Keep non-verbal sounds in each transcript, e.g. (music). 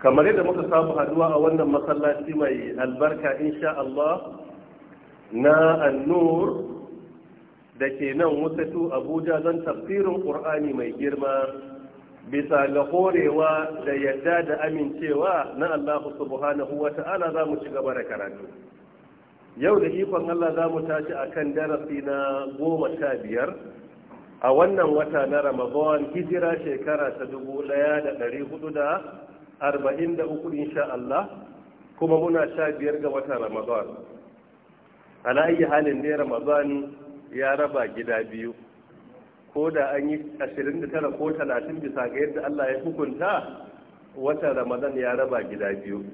kamar yadda muka samu haduwa a wannan masallaci mai albarka insha Allah na annur da ke nan wasatu abuja don tafsirin ƙur'ani mai girma bisa ga horewa da yadda da amincewa na Allah subhanahu wa ta'ala za mu ci gaba da karatu yau da ikon Allah za mu tashi a kan darasi na goma sha biyar a wannan wata na ramadan hijira shekara ta dubu ɗaya da ɗari hudu da arba'in da uku insha Allah kuma muna sha biyar ga wata Ramadan. Ala ayi halin ne Ramadan ya raba gida biyu. Ko da an yi ashirin da tara ko talatin bisa ga yadda Allah ya hukunta wata Ramadan ya raba gida biyu.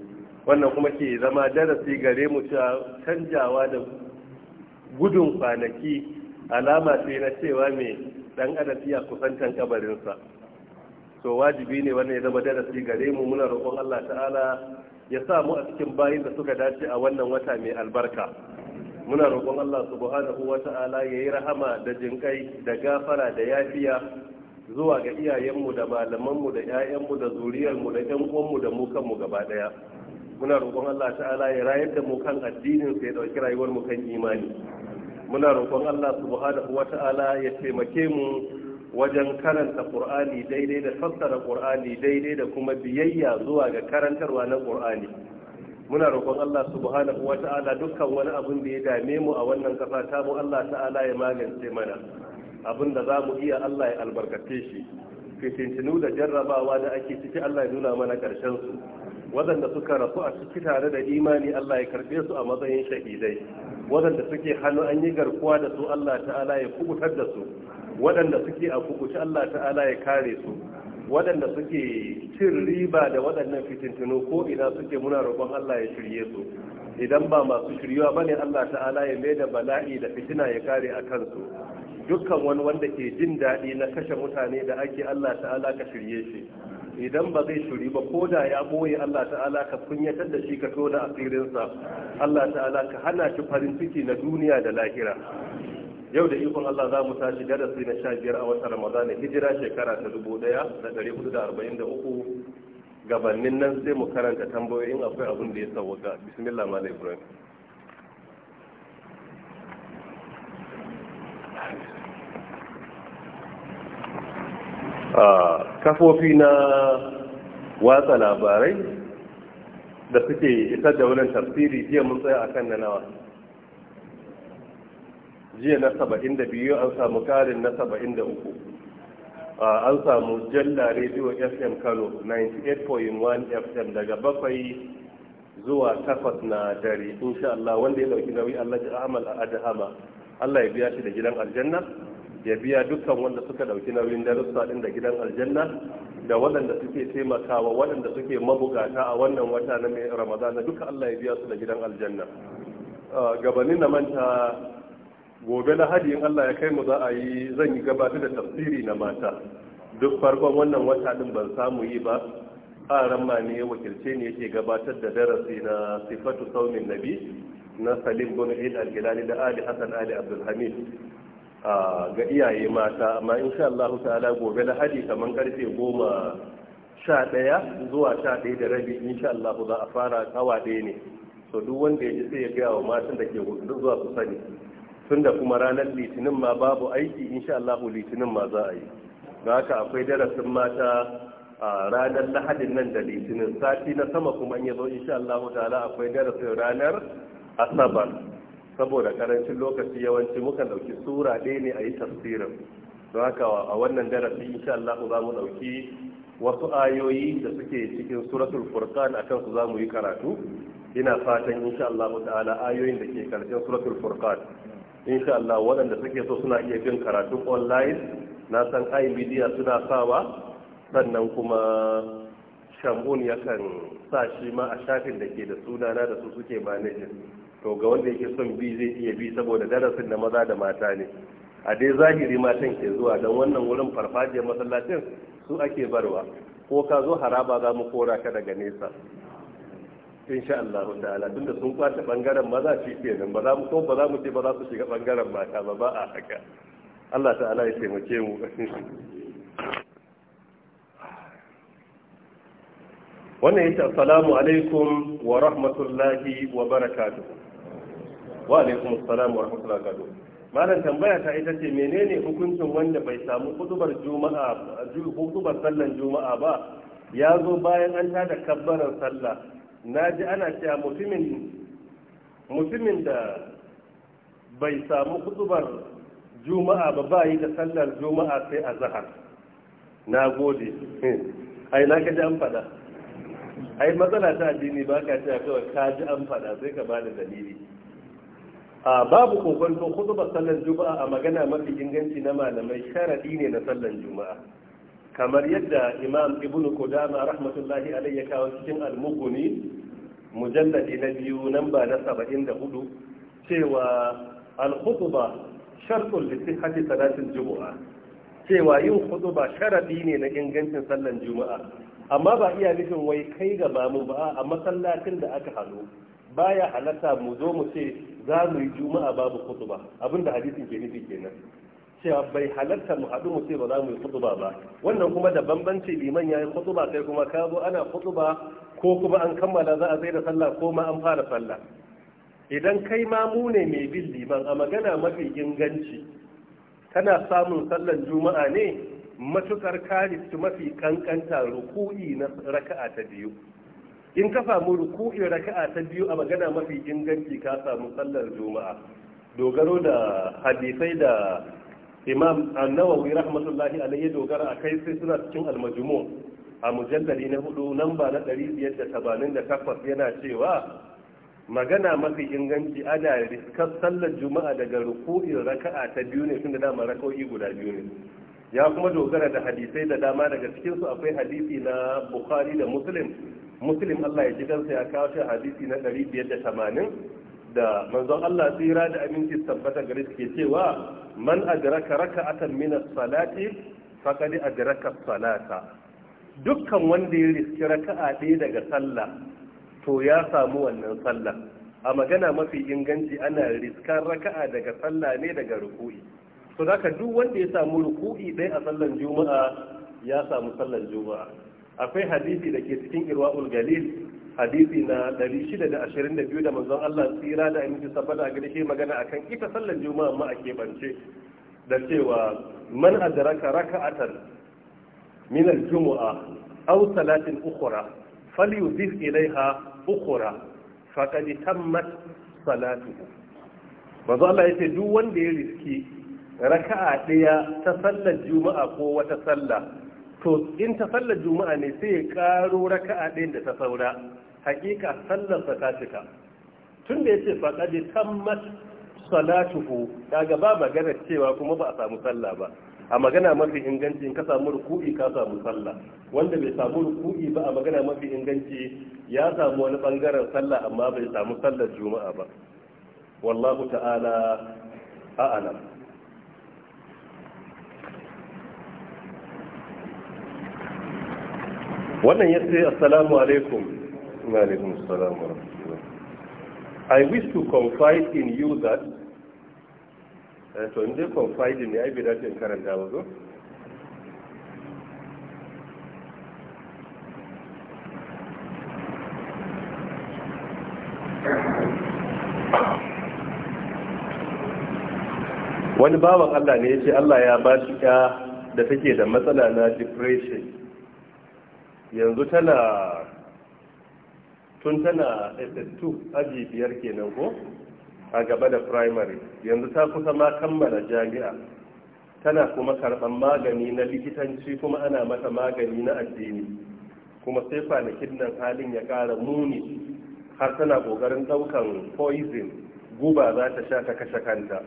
Wannan kuma ke zama darasi gare mu cewa canjawa da gudun kwanaki alama ce na cewa mai dan adam a kusantan kabarinsa. to wajibi ne wannan ya zama darasi gare mu muna roƙon Allah ta'ala ya sa mu a cikin bayin da suka dace a wannan wata mai albarka muna roƙon Allah subhanahu wa ta'ala ya yi rahama da jinƙai da gafara da yafiya zuwa ga iyayenmu da malamanmu da 'ya'yanmu da zuriyarmu da 'yan uwanmu da mu kanmu gaba ɗaya muna roƙon Allah ta'ala ya rayar da mu kan addinin sa ya dauki rayuwar mu kan imani muna roƙon Allah subhanahu ta'ala ya taimake mu wajen karanta ƙur'ani daidai da fassara ƙur'ani daidai da kuma biyayya zuwa ga karantarwa na ƙur'ani muna roƙon Allah subhanahu wa ta'ala dukkan wani abin da ya dame mu a wannan kasa, ta mu Allah ta'ala ya magance mana Abinda da za mu iya Allah ya albarkace shi fitintinu da jarrabawa da ake ciki Allah ya nuna mana ƙarshen su waɗanda suka rasu a ciki tare da imani Allah ya karɓe su a matsayin shahidai waɗanda suke hannu an yi garkuwa da su Allah ta'ala ya kubutar da su waɗanda suke a kukuci Allah ta'ala ya kare su waɗanda suke cin riba da waɗannan fitintunu ko ina suke muna roƙon Allah ya shirye su idan ba masu shiryuwa ba ne Allah ta'ala ya mai da bala'i da fitina ya kare a kansu dukkan wani wanda ke jin daɗi na kashe mutane da ake Allah ta'ala ka shirye shi idan ba zai shiri ba ko da ya boye Allah ta'ala ka kunyatar da shi ka tona asirinsa Allah ta'ala ka hana shi farin ciki na duniya da lahira yau da ikon Allah za mu tashi darasi na sha biyar a watan Ramadan hijira shekara ta dubu ɗaya da ɗari hudu da arba'in da uku gabanin nan sai mu karanta tambayoyin akwai abin da ya sauka. bismillah ma ibrahim kafofi na watsa labarai da suke isar da wannan tafsiri jiya mun tsaya akan na nawa jiya na saba'in da biyu an samu karin na saba'in da uku an samu jalla rediyo fm kano 98.1 fm daga bakwai zuwa takwas na dare insha Allah wanda ya dauki nauyi Allah ji amal a adhama Allah ya biya shi da gidan aljanna ya biya dukkan wanda suka dauki nauyin darussa din da gidan aljanna da waɗanda suke taimakawa waɗanda suke mabugata a wannan wata na mai ramadana duka Allah ya biya su da gidan aljanna gabanin na manta gobe lahadi in Allah ya kai mu za a yi zan yi gabatar da tafsiri na mata duk farkon wannan wata din ban samu yi ba a ma ne wakilce ne yake gabatar da darasi na sifatu saumin nabi na salim bin al-gilali da ali hasan ali abdulhamid ga iyaye mata amma insha Allah ta'ala gobe lahadi kaman karfe goma sha ɗaya zuwa sha ɗaya da rabi insha Allah za a fara kawa ɗaya ne so duk wanda ya ji sai ya gaya wa matan da ke zuwa su sani tunda kuma ranar litinin ma babu aiki insha Allah litinin ma za a yi da haka akwai darasin mata a ranar lahadin nan da litinin sati na sama kuma in yazo insha Allah ta'ala akwai darasin ranar asabar saboda karancin lokaci yawanci muka dauki sura ɗaya ne a yi tafsirin don haka a wannan darasi insha Allah za mu dauki wasu ayoyi da suke cikin suratul furqan akan su za mu yi karatu ina fatan insha Allah ta'ala ayoyin da ke karshen suratul furqan insha Allah waɗanda suke so suna iya bin karatun online na san imedia suna sawa sannan kuma shamun yakan sa shi ma a shafin da ke da sunana da su suke manajin to ga wanda yake son bi zai iya bi saboda darasin da maza da mata ne a dai zahiri matan ke zuwa don wannan wurin farfajiyar masallacin su ake barwa ko ka zo haraba za mu kora ka daga nesa insha Allah ta'ala tunda sun kwace bangaren maza shi nan ba za mu ko ba za mu ce ba za su shiga bangaren mata ba ba a haka Allah ta'ala ya taimake mu wannan yace assalamu alaikum wa rahmatullahi wa barakatuh wa alaikum assalamu wa rahmatullahi wa barakatuh malam tambaya ta ita ce menene hukuncin wanda bai samu hudubar juma'a hudubar sallan juma'a ba ya zo bayan an tada kabbaran sallah na ji ana cewa mutumin da bai samu kutubar juma'a ba ba yi da sallar juma'a sai a zahar na gode (laughs) ai na kaji an fada ai matsala ta addini ba ka cewa kawai ka ji an fada sai ka ba da dalili a babu kokon kutubar sallar juma'a a magana mafi inganci na malamai sharadi ne na sallar juma'a kamar yadda imam ibnu kudama rahmatullahi alai ya kawo cikin almuguni mujalladi na biyu nan ba na saba'in da hudu cewa alhutuba shartun lissin hati salatin juma'a cewa yin hutuba sharadi ne na ingancin sallan juma'a amma ba iya nufin wai kai ga mamu ba a masallacin da aka halu baya halatta mu zo mu ce za mu yi juma'a babu hutuba abinda hadisin ke nufi kenan cewa bai halarta mu haɗu mu ce ba za mu yi kutuba ba wannan kuma da bambanci liman ya yi kutuba sai kuma ka zo ana kutuba ko kuma an kammala za a zai da sallah ko ma an fara sallah idan kai ma mu ne mai bin liman a magana mafi inganci kana samun sallar juma'a ne matukar kalistu mafi kankanta ruku'i na raka'a ta biyu in ka samu ruku'in raka'a ta biyu a magana mafi inganci ka samu sallar juma'a dogaro da hadisai da imam annawawi rahmatullahi alayhi dogara a kai sai suna cikin almajmu a mujallali na hudu namba na takwas yana cewa magana mafi inganci ana riskar sallar juma'a daga ruku'in raka'a ta biyu ne tunda dama raka'o'i guda biyu ne ya kuma dogara da hadisai da dama daga cikin su akwai hadisi na bukhari da muslim muslim Allah ya ji kansa ya kawo shi hadisi na tamanin? da manzon Allah tsira da aminci tabbata gare shi ke cewa man adraka raka'atan min as-salati faqad adraka as-salata dukkan wanda ya riski raka'a ɗaya daga sallah to ya samu wannan sallah a magana mafi inganci ana riskan raka'a daga sallah ne daga ruku'i to zaka duk wanda ya samu ruku'i ɗaya a sallan juma'a ya samu sallan juma'a akwai hadisi da ke cikin irwa'ul galil hadisi na 622 da manzon Allah tsira da aminci sabbata ga shi magana akan ita sallar juma'a ma a keɓance da cewa man adraka raka'atan min al-jumu'a aw salatin ukhra falyudhif ilayha ukhra faqad tammat salatuhu manzon Allah yace duk wanda ya riski raka'a daya ta sallar juma'a ko wata sallah to in ta sallar juma'a ne sai ya karo raka'a ɗin da ta saura hakika sallarsa ta cika tun da ya ce faɗaɗe tammat salatuhu daga ba magana cewa kuma ba a samu sallah ba a magana mafi inganci in ka samu ruku'i ka samu sallah wanda bai samu ruku'i ba a magana mafi inganci ya samu wani bangaren sallah amma bai samu sallar juma'a ba wallahu ta'ala a'lam wannan ya ce assalamu alaikum wa alaikum assalam wa rahmatullah i wish to confide in you that eh, to in dai confide ne ai bai dace in karanta ba zo wani bawan Allah ne ya ce Allah ya ba shi da take da matsala na depression yanzu tana tun tana ss2 aji biyar kenan ko a gaba da primary yanzu ta kusa ma kammala jami'a tana kuma karɓar magani na likitanci kuma ana mata magani na addini kuma sai kwanakin nan halin ya ƙara muni har tana ƙoƙarin ɗaukan poison guba za ta sha ta kashe kanta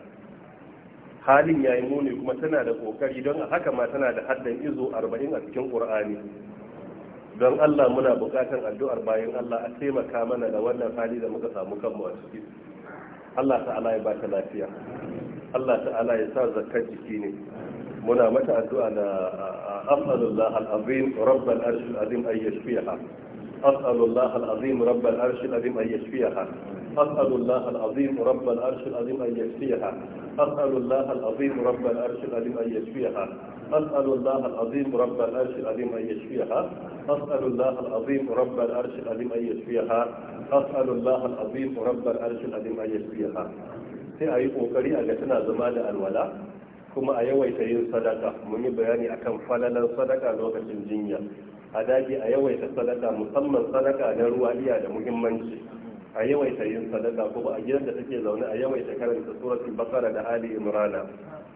halin ya yi muni kuma tana da ƙoƙari don a haka ma tana da haddan izo arba'in a cikin ƙur'ani don Allah muna bukatan addu'ar bayan Allah a taimaka mana da wannan hali da muka samu kanmu a ciki Allah ta'ala ya ta lafiya Allah ta'ala ya sa zakar jiki ne muna mata addu'a da as'alullah al’azim rabban rabbal arshil azim ay yashfiha as'alullah al-azim rabbal arshil azim ay yashfiha أسأل الله العظيم رب العرش العظيم أن يشفيها أسأل الله العظيم رب العرش العظيم أن يشفيها أسأل الله العظيم رب العرش العظيم أن يشفيها أسأل الله العظيم رب العرش العظيم أن يشفيها أسأل الله العظيم رب العرش العظيم أن يشفيها sai a yi kokari a ga tana zama da alwala kuma a yawaita yin sadaka mun yi bayani akan falalan sadaka lokacin jinya a dage a yawaita sadaka musamman sadaka na ruwa iya da muhimmanci a yawaita yin sadaka ko a gidan da take zaune a yawaita karanta suratul basara da ali imrana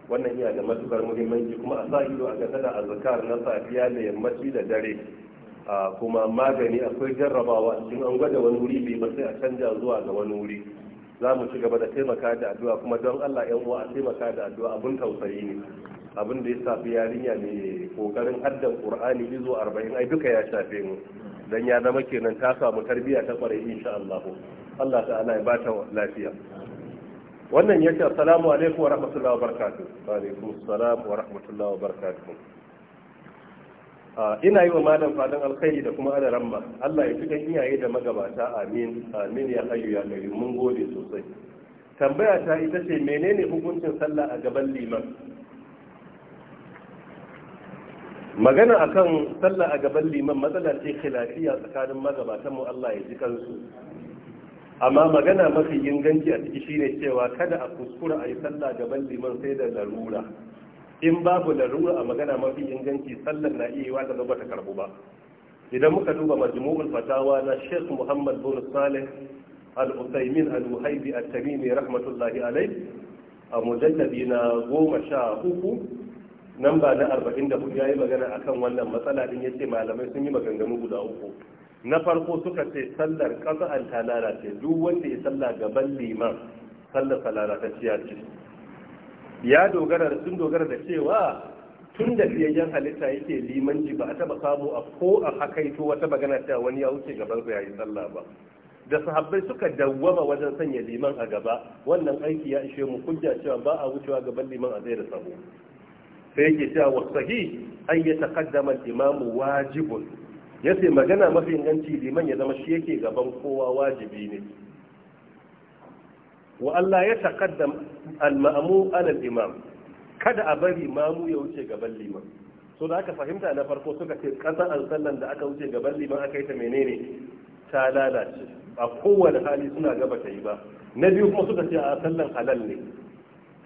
wannan yana da matukar muhimmanci kuma a sa ido a gasa da azkar na safiya da yammaci da dare kuma magani akwai jarrabawa in an gwada wani wuri bai ba sai a canja zuwa ga wani wuri za mu ci gaba da taimaka da addu'a kuma don Allah yan uwa a taimaka da addu'a abun tausayi ne abin da ya safi yarinya ne kokarin haddan qur'ani izo arba'in ai duka ya shafe mu dan ya zama kenan ta samu tarbiyya ta kware insha Allah Allah ta'ala ya bata lafiya wannan yace assalamu alaikum wa rahmatullahi wa barakatuh wa alaikum assalam wa rahmatullahi wa barakatuh ina yi wa malam fadan alkhairi da kuma adaran ma Allah ya cikin iyaye da magabata amin amin ya hayyu ya kai mun gode sosai tambaya ta ita ce menene hukuncin sallah a gaban liman magana akan sallah a gaban liman matsala ce khilafiya tsakanin magabatan mu Allah ya ji kansu amma magana mafi inganci a ciki shine cewa kada a kuskura a yi sallah gaban liman sai da larura in babu larura a magana mafi inganci sallar na iya yiwa da ba ta karbu ba idan muka duba majmu'ul fatawa na Sheikh Muhammad bin Saleh Al-Utsaimin Al-Wahibi At-Tamimi rahmatullahi alayh a mujalladi na 13 nan ba na arba'in da hudu ya yi magana akan wannan matsala din yace malamai sun yi maganganu guda uku na farko suka ce sallar an ta lalace duk wanda ya salla gaban liman sallar ta lalatacciya ce ya dogara sun dogara da cewa tun da fiyayyen halitta yake limanci ba a taba samu a ko a hakaito wata magana ta wani ya wuce gaban ya yi sallah ba da sahabbai suka dawwama wajen sanya liman a gaba wannan aiki ya ishe mu kujja cewa ba a wucewa gaban liman a zai da sabo sai yake cewa wasahi an yi takaddama imamu wajibun Ya ce magana mafi inganci liman ya zama shi yake gaban kowa wajibi ne wa Allah ya takaddama al-ma'mu ala imam kada a bari mamu ya wuce gaban liman so da aka fahimta na farko suka ce an sallan da aka wuce gaban liman aka yi ta menene ta lalace a kowane hali suna gaba ta yi ba na biyu kuma suka ce a sallan halal ne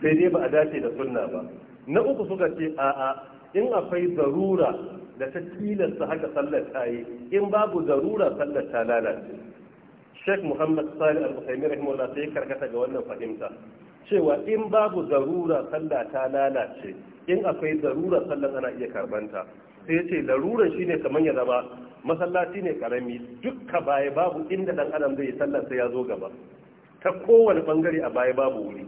sai dai ba a dace da sunna ba na uku suka ce a'a in akwai zarura da ta tilasta haka sallar ta yi in babu zarura sallar ta lalace sheikh muhammad sali al-usaimi rahimahullah sai karkata ga wannan fahimta cewa in babu zarura sallar ta lalace in akwai zarura sallar ana iya karbanta sai ce larurar shine kamar ya zama masallaci ne karami dukka baya babu inda dan adam zai sallar sai ya zo gaba ta kowane bangare a baya babu wuri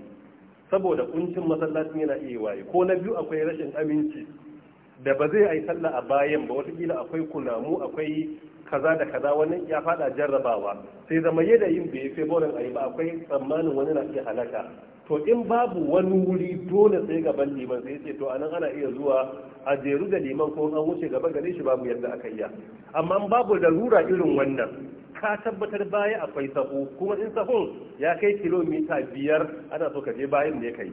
saboda kuncin masallacin yana iya waye ko na biyu akwai rashin aminci da ba zai ai sallah a bayan ba watakila akwai kunamu akwai kaza da kaza wani ya fada jarrabawa sai zama yanayin bai fi borin ayi ba akwai tsammanin wani na iya halaka to in babu wani wuri dole sai gaban liman sai ce to anan ana iya zuwa a jeru da liman ko an wuce gaba gare shi babu yadda aka yi amma babu larura irin wannan ka tabbatar baya akwai sahu kuma in sahun ya kai kilomita biyar ana so ka je bayan da ya kai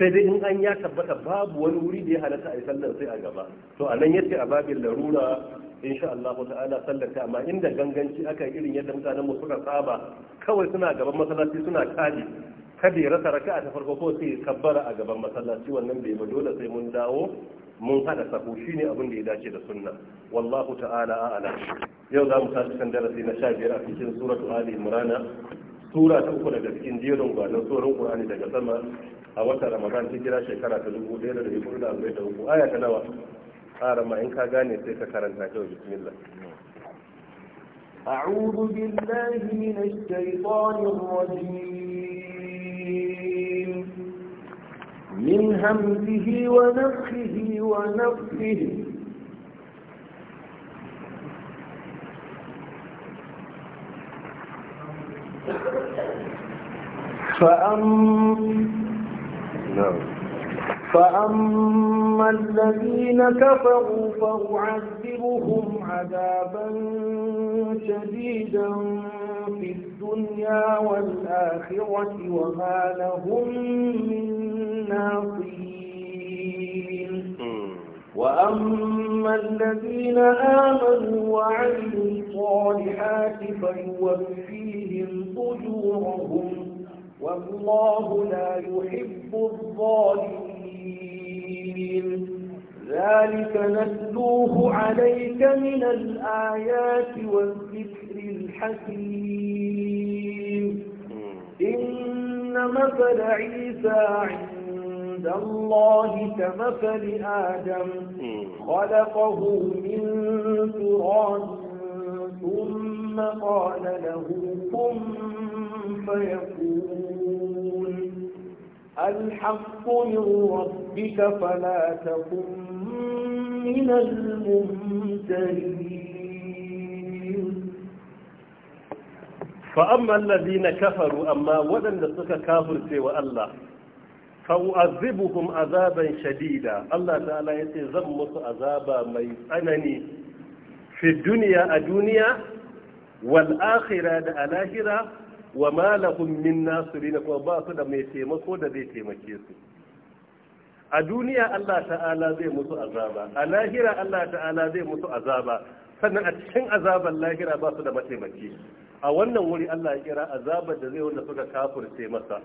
sai dai in an ya tabbata babu wani wuri da ya halatta a yi sallar sai a gaba to a nan yace a babin larura insha Allah ta'ala sallar ta amma inda ganganci aka yi irin yadda mutanen mu suka saba kawai suna gaban masallaci suna kaji kada ya rasa raka'a ta farko ko sai kabbara a gaban masallaci wannan bai ba dole sai mun dawo mun hada sako shine abin da ya dace da sunna wallahu ta'ala a'ala yau za mu tashi kan darasi na biyar a cikin suratul ali imran sura ta uku daga cikin jerin gwanon tsoron qur'ani daga sama a watan ramadan ta kira shekara ta uku. aya ta nawa ma in ka gane sai ka karanta ta bismillah أعوذ بالله من الشيطان الرجيم من همزه ونفخه ونفخه فأم... نعم فأما الذين كفروا فأعذبهم عذابا شديدا في الدنيا والآخرة وما لهم من ناصرين وأما الذين آمنوا وعملوا الصالحات فيوفيهم أجورهم والله لا يحب الظالمين الرجيم ذلك نتلوه عليك من الآيات والذكر الحكيم إن مثل عيسى عند الله كمثل آدم خلقه من تراب ثم قال له كن فيكون الحق من ربك فلا تكن من الممتلين فأما الذين كفروا أما ولم لسك كافر سوى الله فأعذبهم عذابا شديدا الله تعالى يتزمط عذابا يسألني في الدنيا الدنيا والآخرة الآخرة wa malahum min nasirin kuma ba su da mai taimako da zai taimake su a duniya Allah ta'ala zai musu azaba a lahira Allah ta'ala zai mutu azaba sannan a cikin azaban lahira ba su da mataimaki a wannan wuri Allah ya kira azabar da zai wanda suka kafirce masa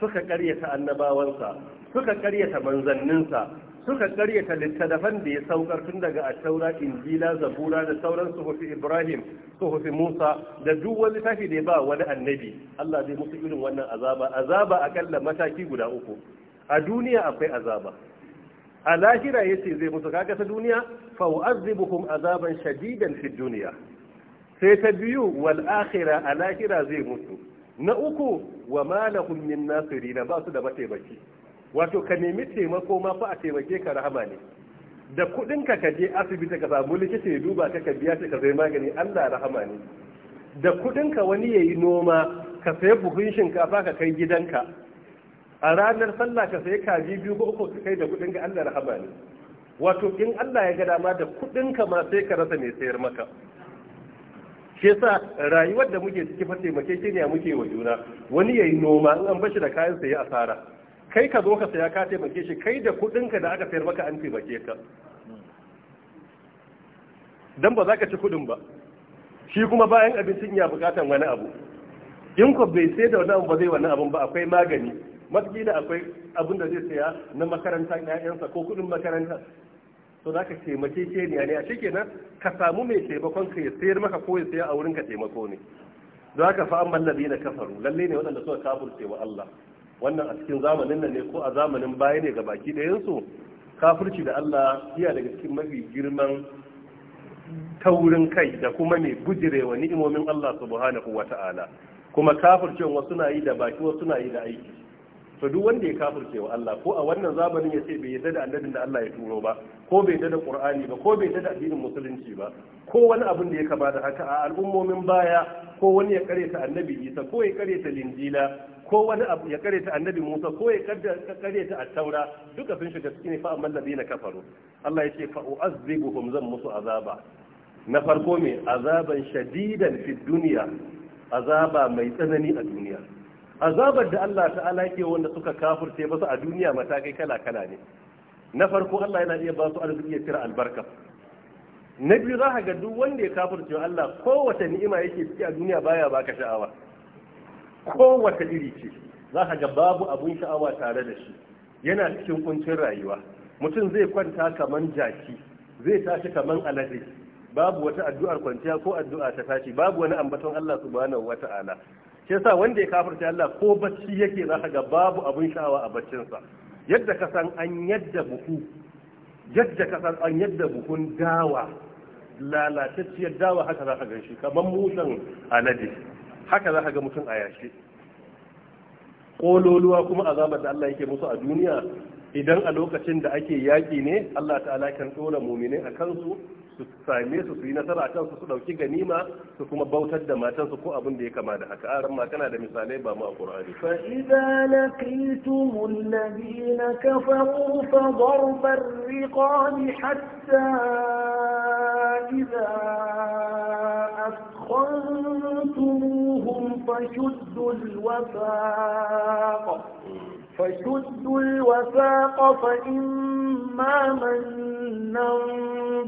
suka karyata annabawansa suka karyata manzanninsa suka karyata littattafan da ya saukar tun daga taura injila zabura da sauran suhufi ibrahim suhufi musa da duk wani tafi da ya ba wani annabi allah zai musu irin wannan azaba azaba akalla mataki guda uku a duniya akwai azaba a lahira ya ce zai musu kaga ta duniya fa u'azzibukum azaban shadidan fi duniya sai ta biyu wal akhira a lahira zai mutu na uku wa ma lahum min ba su da mataimaki wato ka nemi taimako ma fa a taimake ka rahama ne da kudin ka ka je asibiti ka samu likita ya duba ka ka biya ka sai magani Allah rahama ne da kudin ka wani yayi noma ka sai buhun shinkafa ka kai gidanka a ranar sallah ka sayi kaji biyu ko uku ka kai da kudin ka Allah rahama ne wato in Allah ya ga dama da kuɗin ka ma sai ka rasa mai sayar maka shi yasa rayuwar da muke ciki fa taimake ne muke wa juna wani yayi noma in an bashi da kayan sai ya asara kai ka zo ka saya ka taimake shi kai da kudinka da aka sayar maka an taimake ka dan ba za ka ci kudin ba shi kuma bayan abincin ya bukatan wani abu in ko bai sai da wani abu ba zai wani abu ba akwai magani da akwai abin da zai saya na makarantar ƴaƴansa ko kudin makaranta to za ka taimake ke ne ne a shi kenan ka samu mai taimakon ka ya sayar maka ko ya saya a wurin ka taimako ne za ka fa'an mallabi na kafaru lalle ne waɗanda suka kafurce wa Allah wannan a cikin zamanin nan ne ko a zamanin baya ne ga baki ɗayansu kafirci da Allah iya daga cikin mafi girman taurin kai da kuma mai bujirewa ni'imomin Allah subhanahu wa ta'ala kuma kafircewa wasu na yi da baki wasu na yi da aiki to duk wanda ya wa Allah ko a wannan zamanin ya ce bai yarda da annabin da Allah ya turo ba ko bai yarda da Qur'ani ba ko bai yarda da addinin musulunci ba ko wani abin da ya kama da haka a al'ummomin baya ko wani ya kareta annabi Isa ko ya kareta linjila ko wani abu ya ta annabi Musa ko ya ta a taura duka sun shiga cikin fa amman ladina kafaru Allah yace fa u'azzibuhum zan musu azaba na farko me azaban shadidan fi dunya azaba mai tsanani a duniya azabar da Allah ta'ala yake wanda suka kafirce su a duniya matakai kala kala ne na farko Allah yana iya ba su arziki ya tira albarka na biyu za ga duk wanda ya kafirce Allah kowace ni'ima yake ciki a duniya baya baka sha'awa kowace iri ce za ka ga babu abun sha'awa tare da shi yana cikin kuncin rayuwa mutum zai kwanta kaman jaki zai tashi kamar alade babu wata addu'ar kwanciya ko addu'a ta tashi babu wani ambaton Allah subhanahu wata'ala shi yasa wanda ya kafirta Allah ko bacci yake za ka ga babu abun sha'awa a baccinsa yadda ka san an yadda buhu yadda ka san an yadda buhun dawa lalatacciyar dawa haka za ka gan shi kamar musan alade haka za ka ga mutum a yashe ƙololuwa kuma azabar da Allah yake musu a duniya idan a lokacin da ake yaƙi ne Allah ta'ala kan ɗora muminin a kansu su same su su yi nasara a kansu su ɗauki ganima su kuma bautar da matansu ko abin da ya kama da haka aran ma kana da misalai ba mu a Qur'ani fa idza laqitumul ladina kafaru fa darbar riqab hatta idza أثخنتم فشدوا الوثاق فشدوا الوثاق فإما منا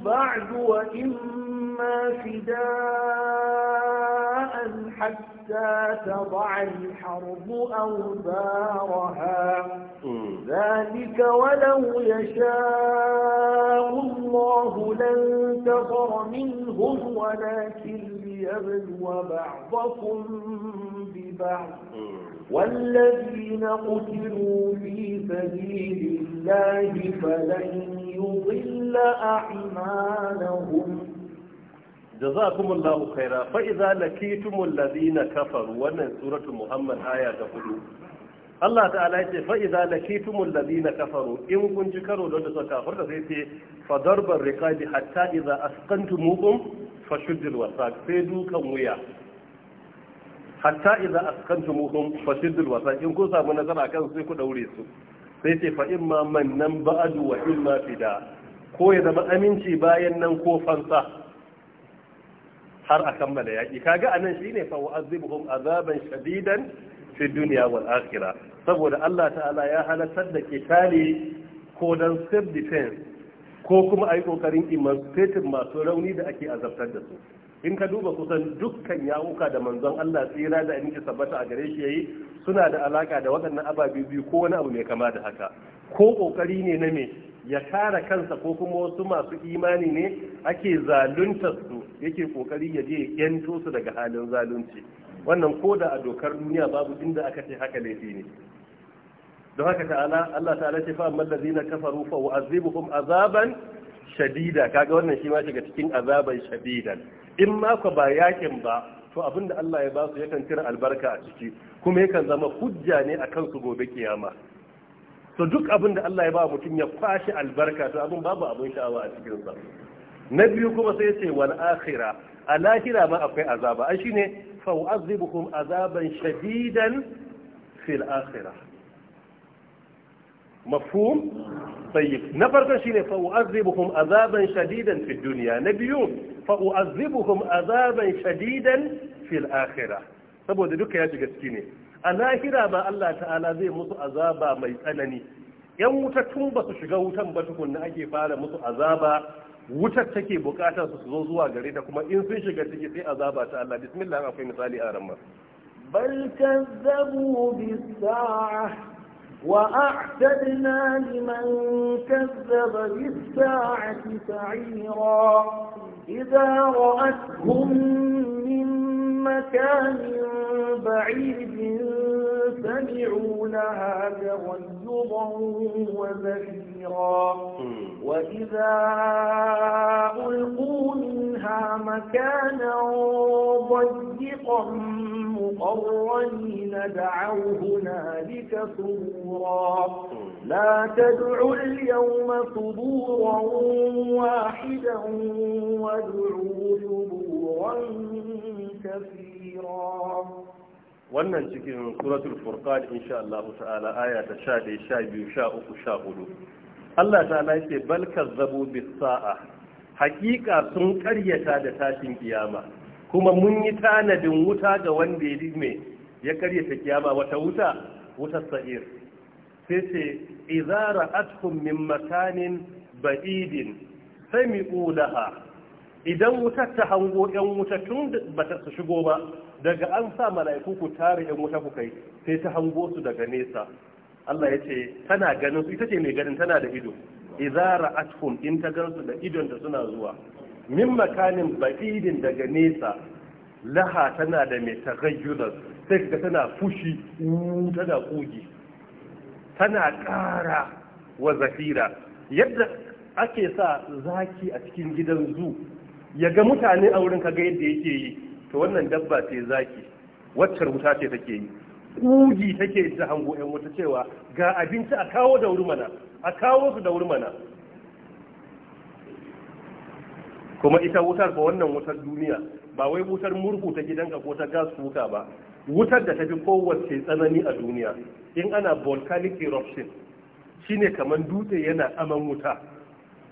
بعد وإما ثم فداء حتى تضع الحرب أوبارها ذلك ولو يشاء الله لانتصر منهم ولكن ليبلو بعضكم ببعض والذين قتلوا في سبيل الله فلن يضل أعمالهم Da za jazakumullahu khaira fa idza lakitumul ladina kafaru wannan suratu muhammad aya ta hudu Allah ta'ala ya ce fa idza lakitumul ladina kafaru in kun ji karo da suka kafirta sai ce fa darbar riqabi hatta idza asqantumuhum fashuddul wasaq sai dukan wuya hatta idza asqantumuhum fashuddul wasaq in kun samu nasara kan sai ku daure su sai ce fa imma mannan ba'du wa imma fida ko ya zama aminci bayan nan ko fansa har a kammala yaƙi kaga anan shine fa wa'azibuhum azaban shadidan fi dunya wal akhirah saboda Allah ta'ala ya halartar da kitali ko dan self defense ko kuma ayi kokarin emancipating masu rauni da ake azabtar da su in ka duba kusan dukkan yawuka da manzon Allah tsira da in sabbata a gare shi yayi suna da alaka da waɗannan ababe biyu ko wani abu mai kama da haka ko kokari ne na me ya kare kansa ko kuma wasu masu imani ne ake zaluntar su yake kokari ya je yanto su daga halin zalunci wannan ko da a dokar duniya babu inda aka ce haka laifi ne don haka ta'ala Allah ta'ala ce fa amman ladina kafaru fa wa'azibuhum azaban shadida kaga wannan shi ma shiga cikin azaban shadidan in ma ko ba yakin ba to abinda Allah ya ba su yakan cire albarka a ciki kuma yakan zama hujja ne akan su gobe kiyama to duk abin da Allah ya ba mutum ya kwashe albarka to abin babu abin sha'awa a cikin sa na biyu kuma sai ce wal akhira a lahira ma akwai azaba ai shine fa u'azibukum azaban shadidan fil akhira mafhum tayyib na farko shine fa u'azibukum azaban shadidan fid dunya na biyu fa u'azibukum azaban shadidan fil akhira saboda duka ya shiga ciki ne a lahira ba Allah ta'ala zai musu azaba mai tsanani yan wuta tun ba su shiga wutan ba tukunna ake fara musu azaba wutar take bukatar su zo zuwa gare ta kuma in sun shiga ciki sai azaba ta Allah bismillah akwai misali a ramma bal kazzabu bis wa a'tadna liman kazzaba bis sa'ira idza ra'atuhum مكان بعيد سمعوا لها تغيظا وزفيرا وإذا ألقوا منها مكانا ضيقا مقرنين دعوا هنالك ثبورا لا تدعوا اليوم ثبورا واحدا وادعوا ثبورا كثيرا wannan cikin suratul furqan insha Allah ta'ala aya ta 11 12 13 Allah ta'ala yake bal kazzabu bis sa'a hakika sun karyata da tashin kiyama kuma mun yi tanadin wuta ga wanda ya dime ya karyata kiyama wata wuta wutar sa'ir sai ce idza ra'atkum min makanin ba'idin sami'u laha idan wutar ta hango yan wuta tun ba ta su shigo ba daga an sa mala'iku ku tare yan wuta ku kai sai ta hango su daga nesa Allah ya ce tana ganin su ita ce mai ganin tana da ido idza atkum in ta gansu da idon da suna zuwa min makanin ba'idin daga nesa laha tana da mai tagayyunan sai ka tana fushi tana kogi tana ƙara wa zafira yadda ake sa zaki a cikin gidan zu ya ga mutane a wurin kaga yadda yake yi to wannan dabba ce zaki waccar wuta ce take yi kugi take ta hango yan wuta cewa ga abinci a kawo da wuri mana a kawo su da wuri mana kuma ita wutar ba wannan wutar duniya ba wai wutar murhu ta gidanka ko ta gas kuka ba wutar da ta fi kowace tsanani a duniya in ana volcanic eruption shine kamar dutse yana aman wuta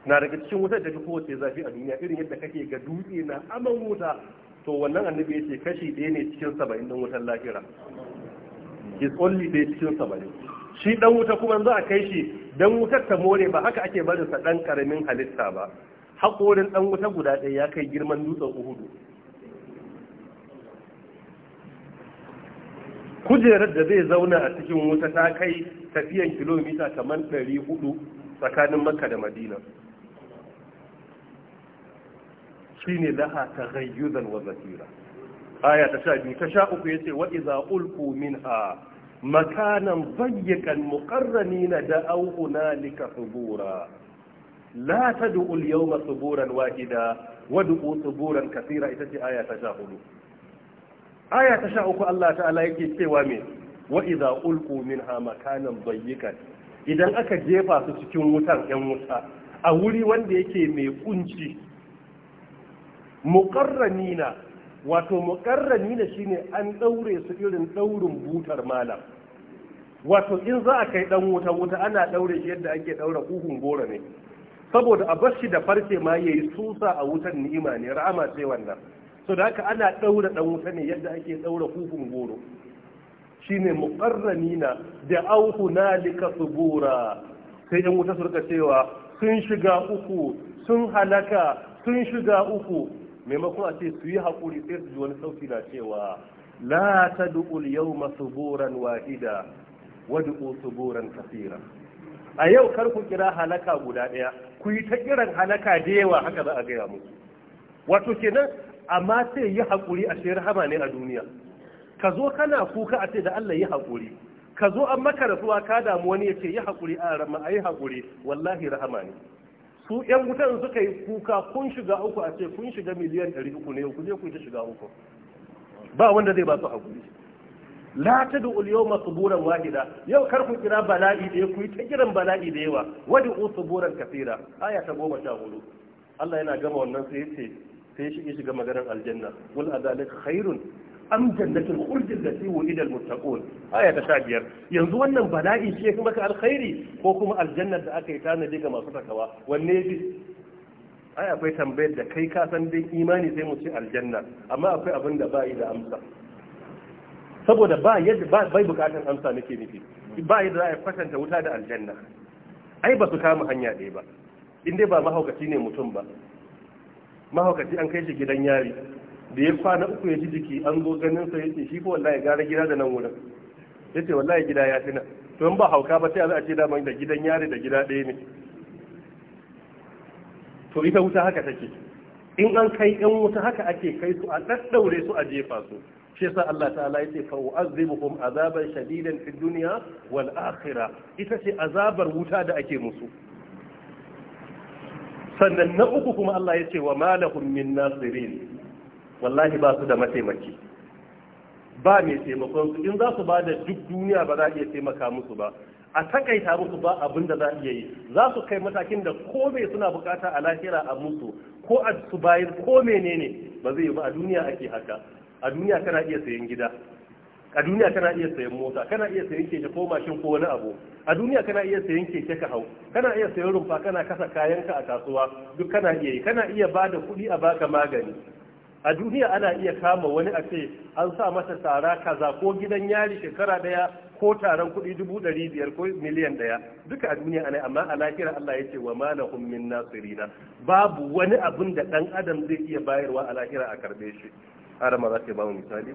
na daga cikin wutar da ta kowace zafi a duniya irin yadda kake ga dutse na aman wuta to wannan annabi yace kashi ɗaya ne cikin saba'in ɗin wutar lahira is only day cikin saba'in shi ɗan wuta kuma za a kai shi dan wutar ta more ba haka ake barin sa ɗan karamin halitta ba haƙorin ɗan wuta guda ɗaya ya kai girman dutsen uhudu kujerar da zai zauna a cikin wuta ta kai tafiyan kilomita kamar ɗari hudu tsakanin makka da madina shine laha taghayyuzan wa zafira aya ta sha biyu ta sha uku yace wa idza ulqu minha makanan dayyakan muqarranina da'aw hunalika subura la tad'u al-yawma suburan wahida wad'u suburan kathira ita ce aya ta sha hudu aya ta sha uku Allah ta'ala yake cewa me wa idza ulqu minha makanan dayyakan idan aka jefa su cikin wutan yan wuta a wuri wanda yake mai kunci muƙarranina wato muƙarranina shine an ɗaure su irin ɗaurin butar malam wato in za a kai ɗan wuta wuta ana ɗaure shi yadda ake ɗaura kuhun goro ne saboda a bar shi da farce ma yayi susa a wutan ni'ima ne ra'ama sai wannan so da haka ana ɗaura ɗan wuta ne yadda ake ɗaura kuhun goro shine muqarranina da auhu nalika subura sai ɗan wuta su rika cewa sun shiga uku sun halaka sun shiga uku maimakon a ce su yi haƙuri sai su ji wani sauti na cewa la ta du'ul yau buran wahida su suburan kasira a yau kar ku kira halaka guda ɗaya ku yi ta kiran halaka da yawa haka za a gaya mu wato kenan amma sai yi haƙuri a shayar hama ne a duniya ka zo kana kuka a ce da Allah yi haƙuri ka zo an maka rasuwa ka damu wani ya yi haƙuri a rama a yi haƙuri wallahi rahama ne su yan wutan suka yi kuka kun shiga uku a ce kun shiga miliyan ɗari uku ne ku je ku ta shiga uku ba wanda zai ba su hakuri la ta da uliyau masuburan wahida yau kar ku kira bala'i da ku yi ta kiran bala'i da yawa wadi usuburan kafira aya ta goma sha hudu Allah yana gama wannan sai ya sai shi shiga maganar aljanna wal azalik khairun am jannatul khuldi allati wu'ida almuttaqun aya ta biyar yanzu wannan bala'i shi yafi maka alkhairi ko kuma aljannar da aka yi tanadi ga masu takawa wanne bi ai akwai tambayar da kai ka san din imani sai mu ce aljanna amma akwai abin da ba yi da amsa saboda ba yadda bai bukatan amsa nake nufi ba yadda za a kwatanta wuta da aljanna ai ba su kama hanya ɗaya ba in dai ba mahaukaci ne mutum ba mahaukaci an kai shi gidan yari da ya kwana uku ya ji jiki an zo ganin sa yace shi fa wallahi gara gida da nan wurin yace wallahi gida ya tuna to in ba hauka ba sai a ce da da gidan yare da gida ɗaya ne to ita wuta haka take in an kai yan wuta haka ake kai su a daddaure su a jefa su shi yasa Allah ta'ala yace fa u'azzibuhum azaban shadidan fid dunya wal akhirah ita ce azabar wuta da ake musu sannan na uku kuma Allah yace wa malahum min nasirin wallahi ba su da mataimaki ba mai taimakon su in za su ba da duk duniya ba za a iya taimaka musu ba a takaita musu ba abin da za a iya yi za su kai matakin da ko mai suna bukata a lahira a musu ko a su bayar ko menene ba zai yi ba a duniya ake haka a duniya kana iya sayan gida a duniya kana iya sayan mota kana iya sayan keke ko mashin ko wani abu a duniya kana iya sayan keke ka hau kana iya sayan rumfa kana kasa kayanka a kasuwa duk kana iya yi kana iya ba da kuɗi a baka magani a duniya ana iya kama wani a ce an sa masa tara kaza ko gidan yari shekara daya ko taron kuɗi dubu ɗari biyar ko miliyan ɗaya duka a duniya ana amma a lahira Allah ya ce wa mana lahum min nasirina babu wani abin da ɗan adam zai iya bayarwa a lahira a karɓe shi ma za ta ba mu misali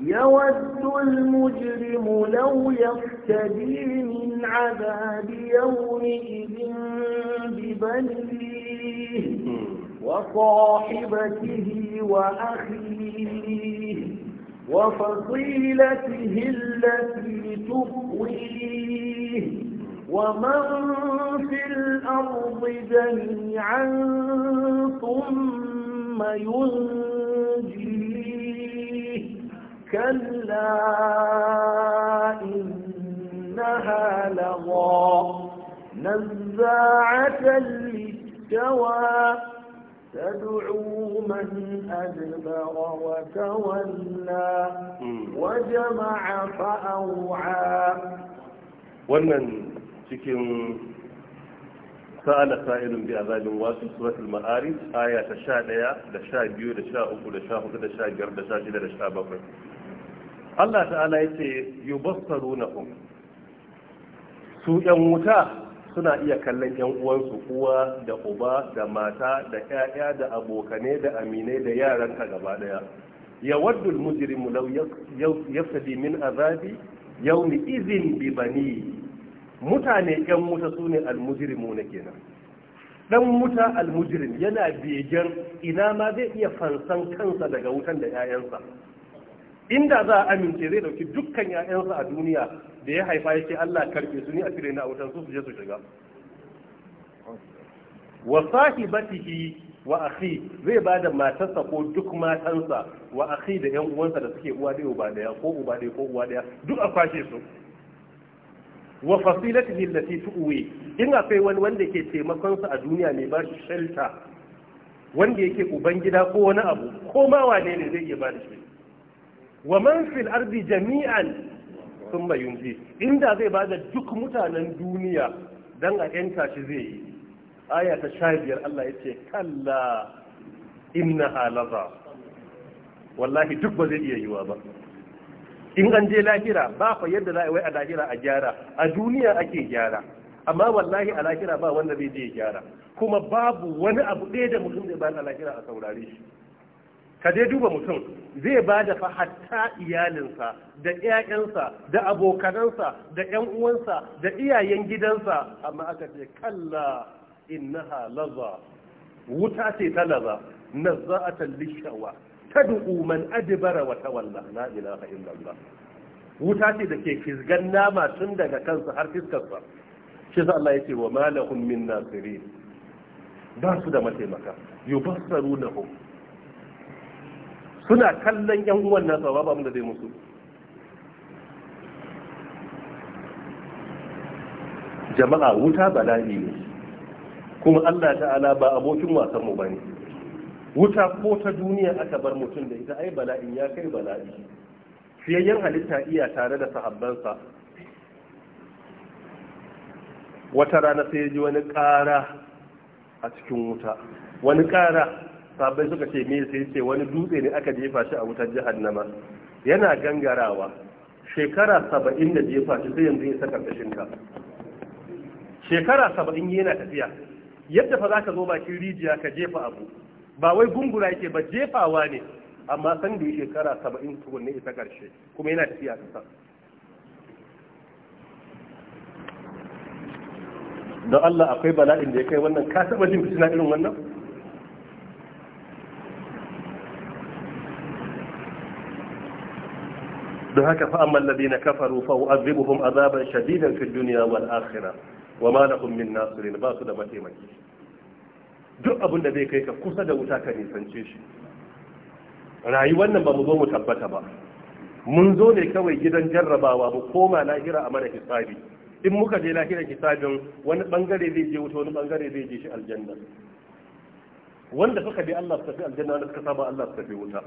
يود المجرم لو يفتدي من عذاب يومئذ ببنيه وصاحبته وأخيه وفصيلته التي تقويه ومن في الأرض جميعا ثم ينجيه كلا إنها لغى نزاعة للتوى تدعو من أدبر وتولى وجمع فأوعى ومن تكن سأل سائل بأذان واسع سورة المآرب آية شاء ليا لشاء بيو لشاء أبو لشاء خذ لشاء جرد لشاء جلد لشاء Allah ta'ala ya ce yubassaru na su ‘yan wuta suna iya kallon ‘yan uwansu uwa da uba da mata da ‘ya'ya da abokane da amine da yaranka gaba daya ya waddul mujrimu law yaftadi min azabi yawmi izin bi bani mutane ‘yan wuta su ne almujrimu na kenan dan wuta almujrim yana begen ina ma zai iya fansan kansa daga wutan da ‘ya'yansa inda za a amince zai dauki dukkan 'ya'yansa a duniya da ya haifa yake Allah karbe su ni a cire na wutan su su je su shiga wa sahibatihi wa akhi zai bada matarsa ko duk matansa wa akhi da 'yan uwansa da suke uwa ɗaya uba daya ko uba ɗaya ko uwa ɗaya duk a kwashe su wa fasilatihi allati tuwi in akwai wani wanda yake taimakon sa a duniya ne ba shi shelter wanda yake uban gida ko wani abu ko ma wane ne zai iya ba da shi wa man fil ardi jami'an sun yumzi inda zai bada duk mutanen duniya dan a yanka shi zai yi aya ta sha Allah yace ce kalla inna halaza wallahi duk ba zai iya yiwa ba in an je lahira ba fa yadda za a wai a lahira a gyara a duniya ake gyara amma wallahi a lahira ba wanda zai je gyara kuma babu wani abu ɗaya da mutum zai bayar a lahira a saurare shi ka dai duba mutum zai ba da fahatta hatta iyalinsa da 'ya'yansa da abokanansa da 'yan uwansa da iyayen gidansa amma aka ce kalla innaha laza wuta ce ta laza nazza'atan lishawa tad'u man adbara wa tawalla la ilaha illallah wuta ce da ke fisgan nama tun daga kansa har fiskarsa shi za Allah ya ce wa malahum min nasirin ba su da mataimaka yubassaru suna kallon yan uwan nasa babu abin da zai musu jama'a wuta bala'i ne kuma Allah ta'ala ba abokin wasan mu ne. wuta ko ta duniya aka bar mutum da ita ai bala'in ya kai bala'i fiyayyen halitta iya tare da sahabbansa wata rana sai ya ji wani kara a cikin wuta wani kara sabai suka ce me sai ce wani dutse ne aka jefa shi a wutar jahannama yana gangarawa shekara saba'in da jefa shi sai yanzu ya saka kashin ka shekara saba'in yana tafiya yadda fa za ka zo bakin rijiya ka jefa abu ba wai gungura yake ba jefawa ne amma san da shekara saba'in tukunne isa karshe kuma yana tafiya kasa don Allah akwai bala'in da ya kai wannan ka taba jin fitina irin wannan don haka fa amma alladhina kafaru fa u'adhibuhum azaban shadidan fid dunya wal akhirah wa ma lahum min nasirin ba su da mataimaki duk abin da zai kai ka kusa da wuta ka nisance shi rayuwar wannan ba mu zo mu tabbata ba mun zo ne kawai gidan jarrabawa mu koma lahira a mana hisabi in muka je lahira hisabin wani bangare zai je wuta wani bangare zai je shi aljanna wanda suka bi Allah su tafi aljanna wanda suka saba Allah su tafi wuta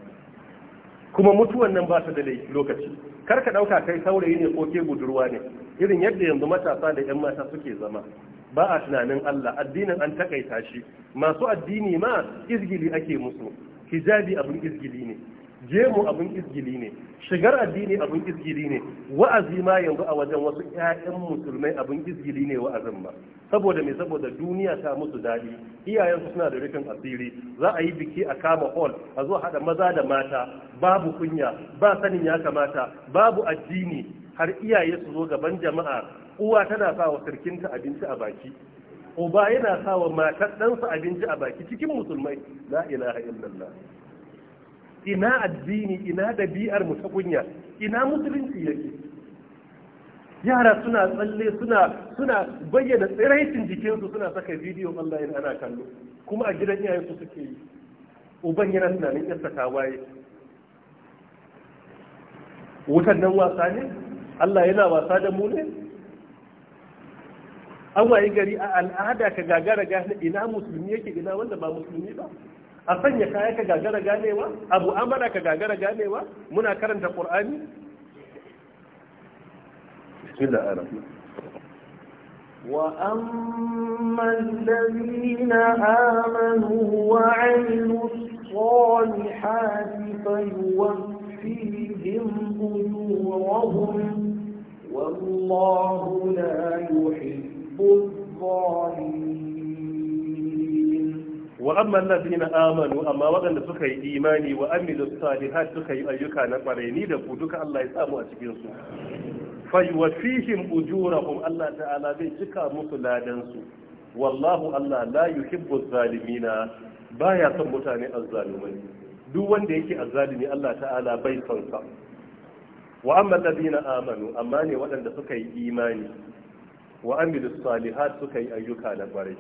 kuma mutuwan nan ba ta da lokaci kar ka ɗauka kai saurayi ne ko ke budurwa ne irin yadda yanzu matasa da 'yan mata suke zama ba a tunanin Allah addinin an takaita shi masu addini ma izgili ake musu hijabi abin izgili ne jemu abin izgili ne shigar addini abin izgili ne wa'azi ma yanzu a wajen wasu ƴaƴan musulmai abin izgili ne wa'azin ma saboda me saboda duniya ta musu daɗi iyayensu suna da rufin asiri za a yi biki a kama hall a zo haɗa maza da mata babu kunya ba sanin ya kamata babu addini har iyaye su zo gaban jama'a uwa tana sa wa sirkinta abinci a baki uba yana sa wa matar ɗansa abinci a baki cikin musulmai la ilaha illallah ina addini ina ɗabi'ar mu ta kunya ina musulunci yake yara suna tsalle suna suna bayyana tsiraitin jikinsu suna saka bidiyo Allah in ana kallo kuma a gidan iyayensu suke yi uban yana tunanin yarsa ta waye wutan nan wasa ne Allah yana wasa da mu ne an waye gari a al'ada ka gagara gane ina musulmi yake ina wanda ba musulmi ba a sanya kaya ka gagara ganewa abu amana ka gagara ganewa muna karanta qur'ani bismillah ar-rahman وأما الذين آمنوا وعملوا الصالحات فيوفيهم أجورهم والله لا يحب الظالمين wa amma allazina amanu amma waɗanda suka yi imani wa amilu salihat suka yi ayyuka na ƙwarai ni da ku duka Allah ya samu a cikin su fa yuwaffihim ujurahum Allah ta'ala zai cika musu ladan su wallahu Allah la yuhibbu zalimina baya son mutane azzalumai duk wanda yake azzalumi Allah ta'ala bai son sa wa amma allazina amanu amma ne waɗanda suka yi imani wa amilu salihat suka yi ayyuka na ƙwarai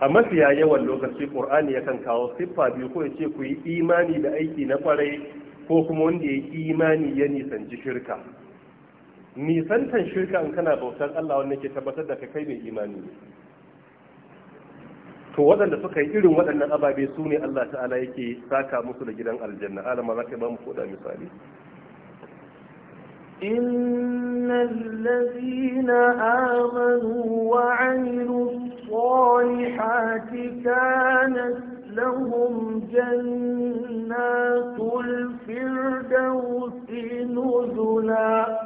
a mafiya yawan lokaci qur'ani yakan kawo siffa biyu ko yace ku yi imani da aiki na kwarai ko kuma wanda ya imani ya nisanci shirka nisantan shirka in kana bautar Allah wanda ke tabbatar da kai mai imani to waɗanda suka yi irin waɗannan ababe su ne Allah ta'ala yake saka musu da gidan aljanna alama za ka ba mu koda misali إن الذين آمنوا وعملوا الصالحات كانت لهم جنات الفردوس نزلا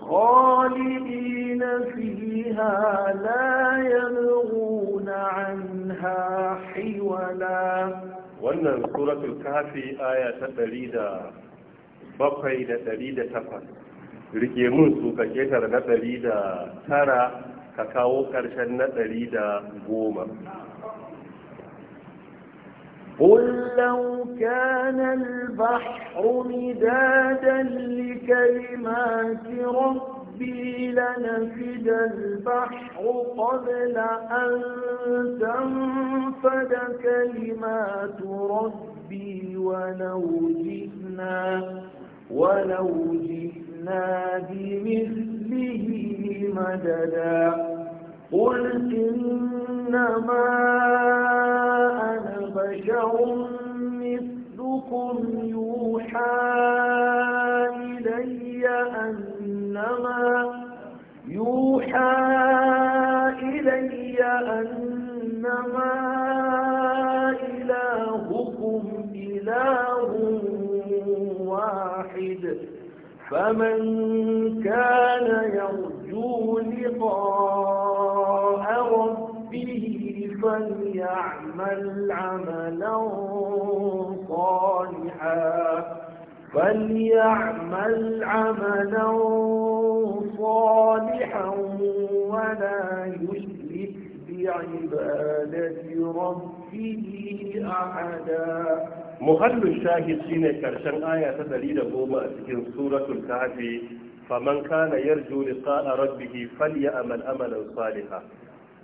خالدين فيها لا يبغون عنها حولا وأن سورة الكهف آية ta bakwai da ɗari da takwas rike mun su ka na ɗari da tara ka kawo ƙarshen na ɗari da goma kullum kanan bahu midadan likalimati rabbi lanafidan bahu da an tanfada kalimatu rabbi wa lau jinna ولو جئنا بمثله مددا قل إنما أنا بشر مثلكم يوحى إلي أنما يوحى إلي أنما إلهكم إله فمن كان يرجو لقاء ربه فليعمل عملا صالحا فليعمل عملا صالحا ولا يشرك بعبادة ربه أحدا muhallin shahid shine karshen aya ta da goma a cikin suratul kahfi faman kana yarju liqa'a rabbih falyamal amalan salihan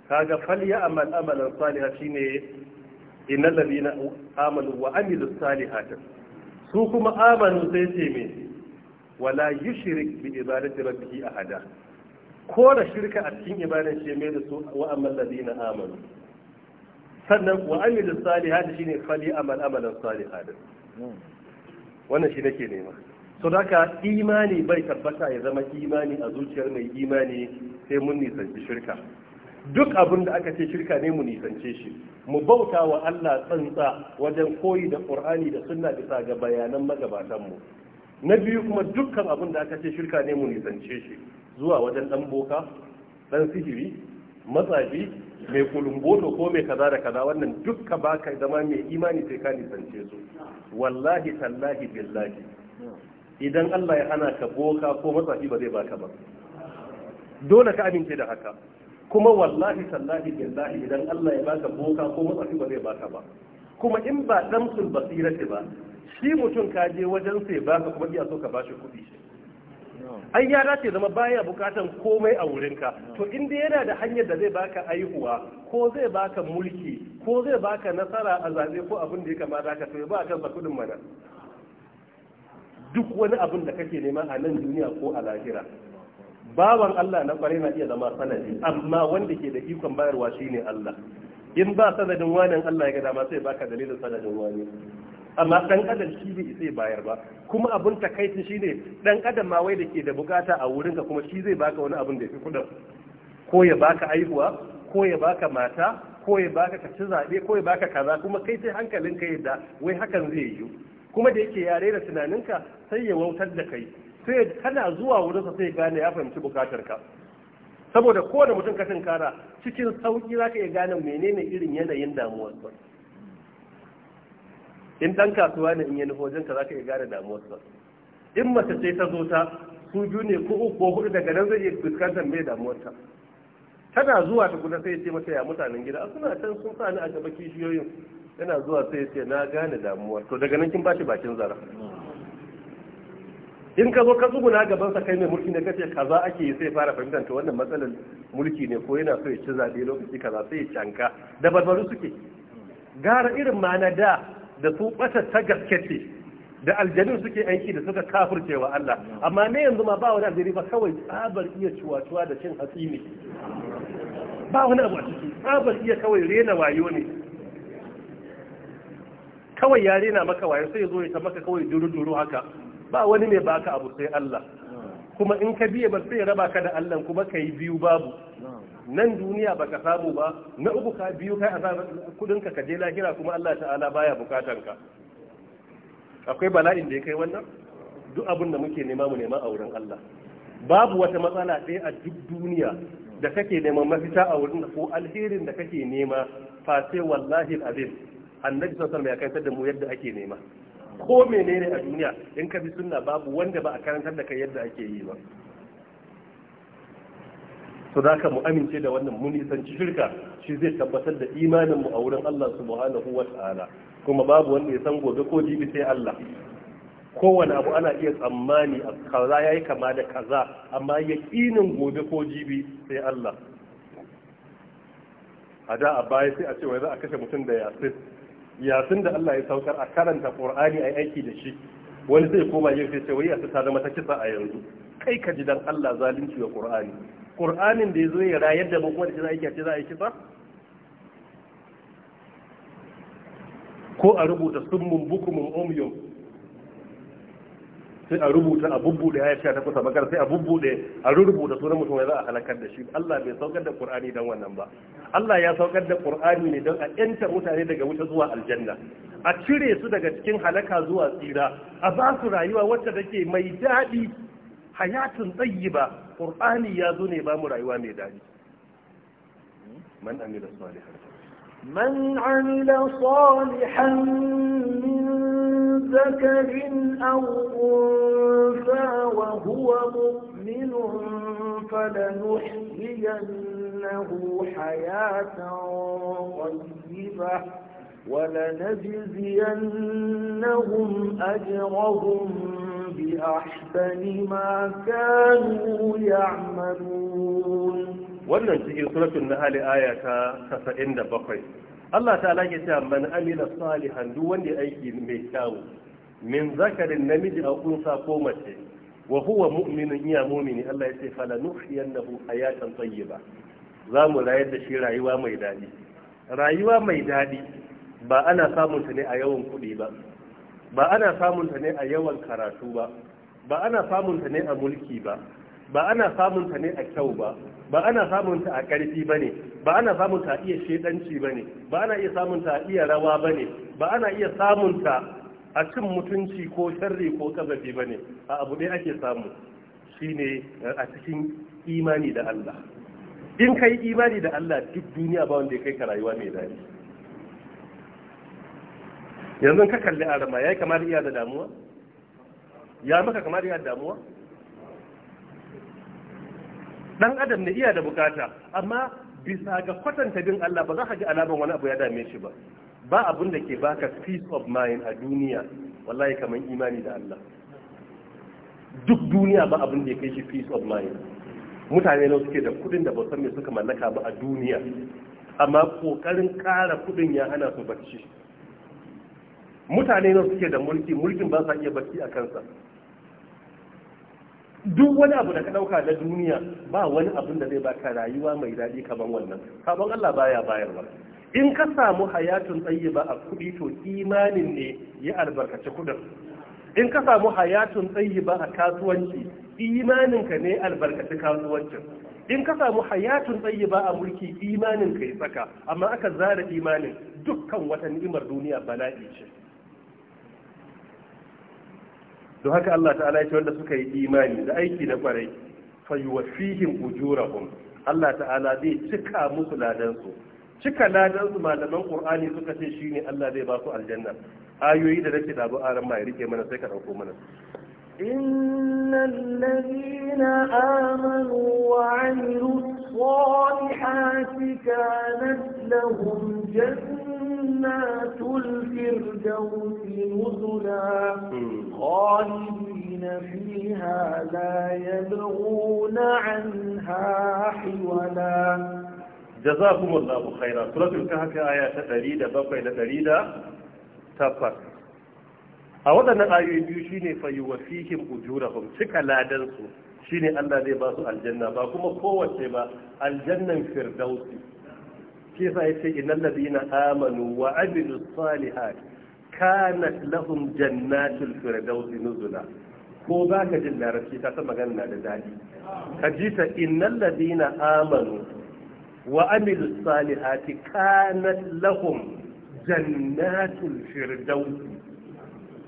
kaga falyamal amalan salihan shine innal ladina amanu wa amilus salihati su kuma amanu sai ce me wala yushrik bi ibadati rabbih ahada ko da shirka a cikin ibadar ce mai da su wa amman ladina amanu sannan wa da shi ne fali amal amalan salihat wannan shi nake nema so haka imani bai tabbata ya zama imani a zuciyar mai imani sai mun nisanci shirka duk abin da aka ce shirka ne mu nisance shi mu bauta wa Allah tsantsa wajen koyi da Qur'ani da sunna bisa ga bayanan magabatan mu na biyu kuma dukkan abin da aka ce shirka ne mu nisance shi zuwa wajen dan boka dan sihiri matsafi mai kulumboto ko mai kaza da kaza wannan dukka baka zama mai imani sai ka nisance su wallahi tallahi billahi idan Allah ya hana ka boka ko matsafi ba zai baka ba dole ka amince da haka kuma wallahi tallahi billahi idan Allah ya baka boka ko matsafi ba zai baka ba kuma in ba damsul basirati ba shi mutum ka je wajen sai baka kuma iya so ka bashi kuɗi ai ya dace zama baya bukatan komai a wurinka to inda yana da hanyar da zai baka aihuwa ko zai baka mulki ko zai baka nasara a zaɓe ko abin da ya kamata ka sai ba a kan kudin mana duk wani abin da kake nema a nan duniya ko a lahira bawan Allah na kwarai na iya zama sanadi amma wanda ke da ikon bayarwa shine Allah in ba sanadin wani Allah ya ga dama sai baka dalilin sanadin wani amma dan adam shi bai isa bayar ba kuma abun takaici shine dan adam ma wai da ke da bukata a wurinka kuma shi zai baka wani abun da yafi kudin ko ya baka aihuwa ko ya baka mata ko ya baka ka ci zaɓe ko ya baka kaza kuma kai sai hankalinka yadda wai hakan zai yi kuma da yake yare da tunaninka sai ya wautar da kai sai kana zuwa wurinsa sai gane ya fahimci bukatarka saboda kowane mutum ka tunkara cikin sauki zaka iya gane menene irin yanayin damuwarsa in dan kasuwa ne in ya nufo wajen ka zaka iya gane damuwarsa in mace ce ta zo ta su biyu ne ko uku ko hudu daga nan zai iya fuskantar mai damuwarta tana zuwa ta kuma sai ya ce mata ya mutanen gida suna can sun sa ni a gaba kishiyoyin yana zuwa sai ya ce na gane damuwar to daga nan kin bashi bakin zara in ka zo ka tsuguna gaban sa kai mai mulki ne kace kaza ake yi sai fara fahimtar to wannan matsalar mulki ne ko yana so ya ci zabe lokaci kaza sai ya canka da barbaru suke gara irin ma na da da su ɓatar ta gaske ce da aljanu suke aiki da suka kafirce wa Allah amma ne yanzu ma ba wani aljani ba kawai tsabar iya cuwa-cuwa da cin hatsi ne ba wani abu a ciki tsabar iya kawai rena wayo ne kawai ya rena maka wayo sai zo ya ta maka kawai duru-duru haka ba wani mai baka abu sai Allah kuma in ka biye ba sai raba ka da Allah kuma ka yi biyu babu nan duniya baka samu ba na uku ka biyu kai kudin ka kaje lahira kuma Allah ta'ala baya bukatan ka akwai bala'in da ya kai wannan duk abin da muke nema mu nema a wurin Allah babu wata matsala sai a duk duniya da kake neman mafita a wurin ko alherin da kake nema fa sai wallahi alazim annabi sallallahu alaihi wasallam ya kantar da mu yadda ake nema ko menene a duniya in ka bi sunna babu wanda ba a karantar da kai yadda ake yi ba su za ka mu amince da wannan mun nisanci shirka shi zai tabbatar da imaninmu a wurin Allah subhanahu wa ta'ala kuma babu wanda ya san gobe ko jibi sai Allah kowane abu ana iya tsammani a kaza ya yi kama da kaza amma yaƙinin gobe ko jibi sai Allah a da a baya sai a ce wai za a kashe mutum da yasin yasin da Allah ya saukar a karanta Qur'ani a aiki da shi wani zai koma yin sai ce wai yasin ta zama ta kisa a yanzu kai ka ji dan Allah zalunci wa Qur'ani ƙur'anin da ya zo ya rayar da mu da shi za a yi za a yi ba? ko a rubuta sun buku mun omiyo sai a rubuta a da ya sha ta kusa bakar sai a da a rubuta sunan mutum ya za a halakar da shi Allah bai saukar da Ƙur'ani don wannan ba Allah ya saukar da Ƙur'ani ne don a ƴanta mutane daga wuta zuwa aljanna a cire su daga cikin halaka zuwa tsira a ba su rayuwa wacce take mai daɗi hayatun ɗayyiba ƙur'ani ya zo ne ba mu rayuwa mai daji من عمل صالحا من ذكر أو أنثى وهو مؤمن فلنحيينه حياة طيبة ولنجزينهم أجرهم بأحسن ما كانوا يعملون wannan cikin suratul nahl aya ta 77 Allah ta'ala ya ce man amila salihan duk wanda aiki mai kyau min zakarin namiji a kunsa ko mace wa huwa mu'minun iya mu'mini Allah ya ce fala nuhyiyannahu hayatan tayyiba za mu rayar da shi rayuwa mai dadi rayuwa mai dadi ba ana samun ta ne a yawan kuɗi ba ba ana samun ta ne a yawan karatu ba ba ana samun ta ne a mulki ba ba ana samun ta ne a kyau ba ba ana samun ta a ƙarfi ba ne ba ana samun ta a iya shedanci ba ne ba ana iya samun ta a iya rawa ba ne ba ana iya samun ta a cin mutunci ko sharri ko kazafi ba ne a abu ɗaya ake samu shine a cikin imani da Allah in kai imani da Allah duk duniya ba wanda ya kai ka rayuwa mai daɗi yanzu ka kalli arama ya yi kamar iya da damuwa ya maka kamar iya da damuwa dan adam ne iya da bukata amma bisa ga kwatanta bin Allah ba za ka ji alaman wani abu ya dame shi ba ba abun da ke baka peace of mind a duniya wallahi kamar imani da Allah duk duniya ba abun da ya kai shi peace of mind mutane na suke da kudin da ba san me suka mallaka ba a duniya amma kokarin kara kudin ya hana su bacci mutane nan suke da mulki mulkin ba sa iya barci a kansa duk wani abu da ka ɗauka na duniya ba wani abin da zai baka rayuwa mai daɗi kamar wannan sabon Allah baya bayarwa in ka samu hayatun ba a kuɗi to imanin ne ya albarkaci kuɗin in ka samu hayatun ba a kasuwanci imaninka ne albarkaci kasuwancin in ka samu hayatun ba a mulki imaninka ya saka, amma aka zara imanin dukkan wata ni'imar duniya bala'i ce don haka Allah ta'ala ya ce wanda suka yi imani da aiki da kwarai fayuwafihim ujurahum Allah ta'ala zai cika musu ladansu cika ladansu malaman qur'ani suka ce shine Allah zai ba su aljanna ayoyi da nake da bu aran mai rike mana sai ka dauko mana إن الذين آمنوا وعملوا الصالحات كانت لهم جنات الفردوس نزلا خالدين فيها لا يبغون عنها حولا جزاكم الله خيرا سورة الكهف آيات 107 da 108 a waɗannan ayoyi biyu shine fa yuwafihim ujurahum cika ladan su shine Allah zai ba su aljanna ba kuma kowace ba aljannan firdausi shi ce, yace innal na amanu wa amilus salihat kanat lahum jannatul firdausi nuzula ko ba ka jin larabci ta ta magana da daɗi ka ji ta innal na amanu wa amilus salihati kanat lahum jannatul firdausi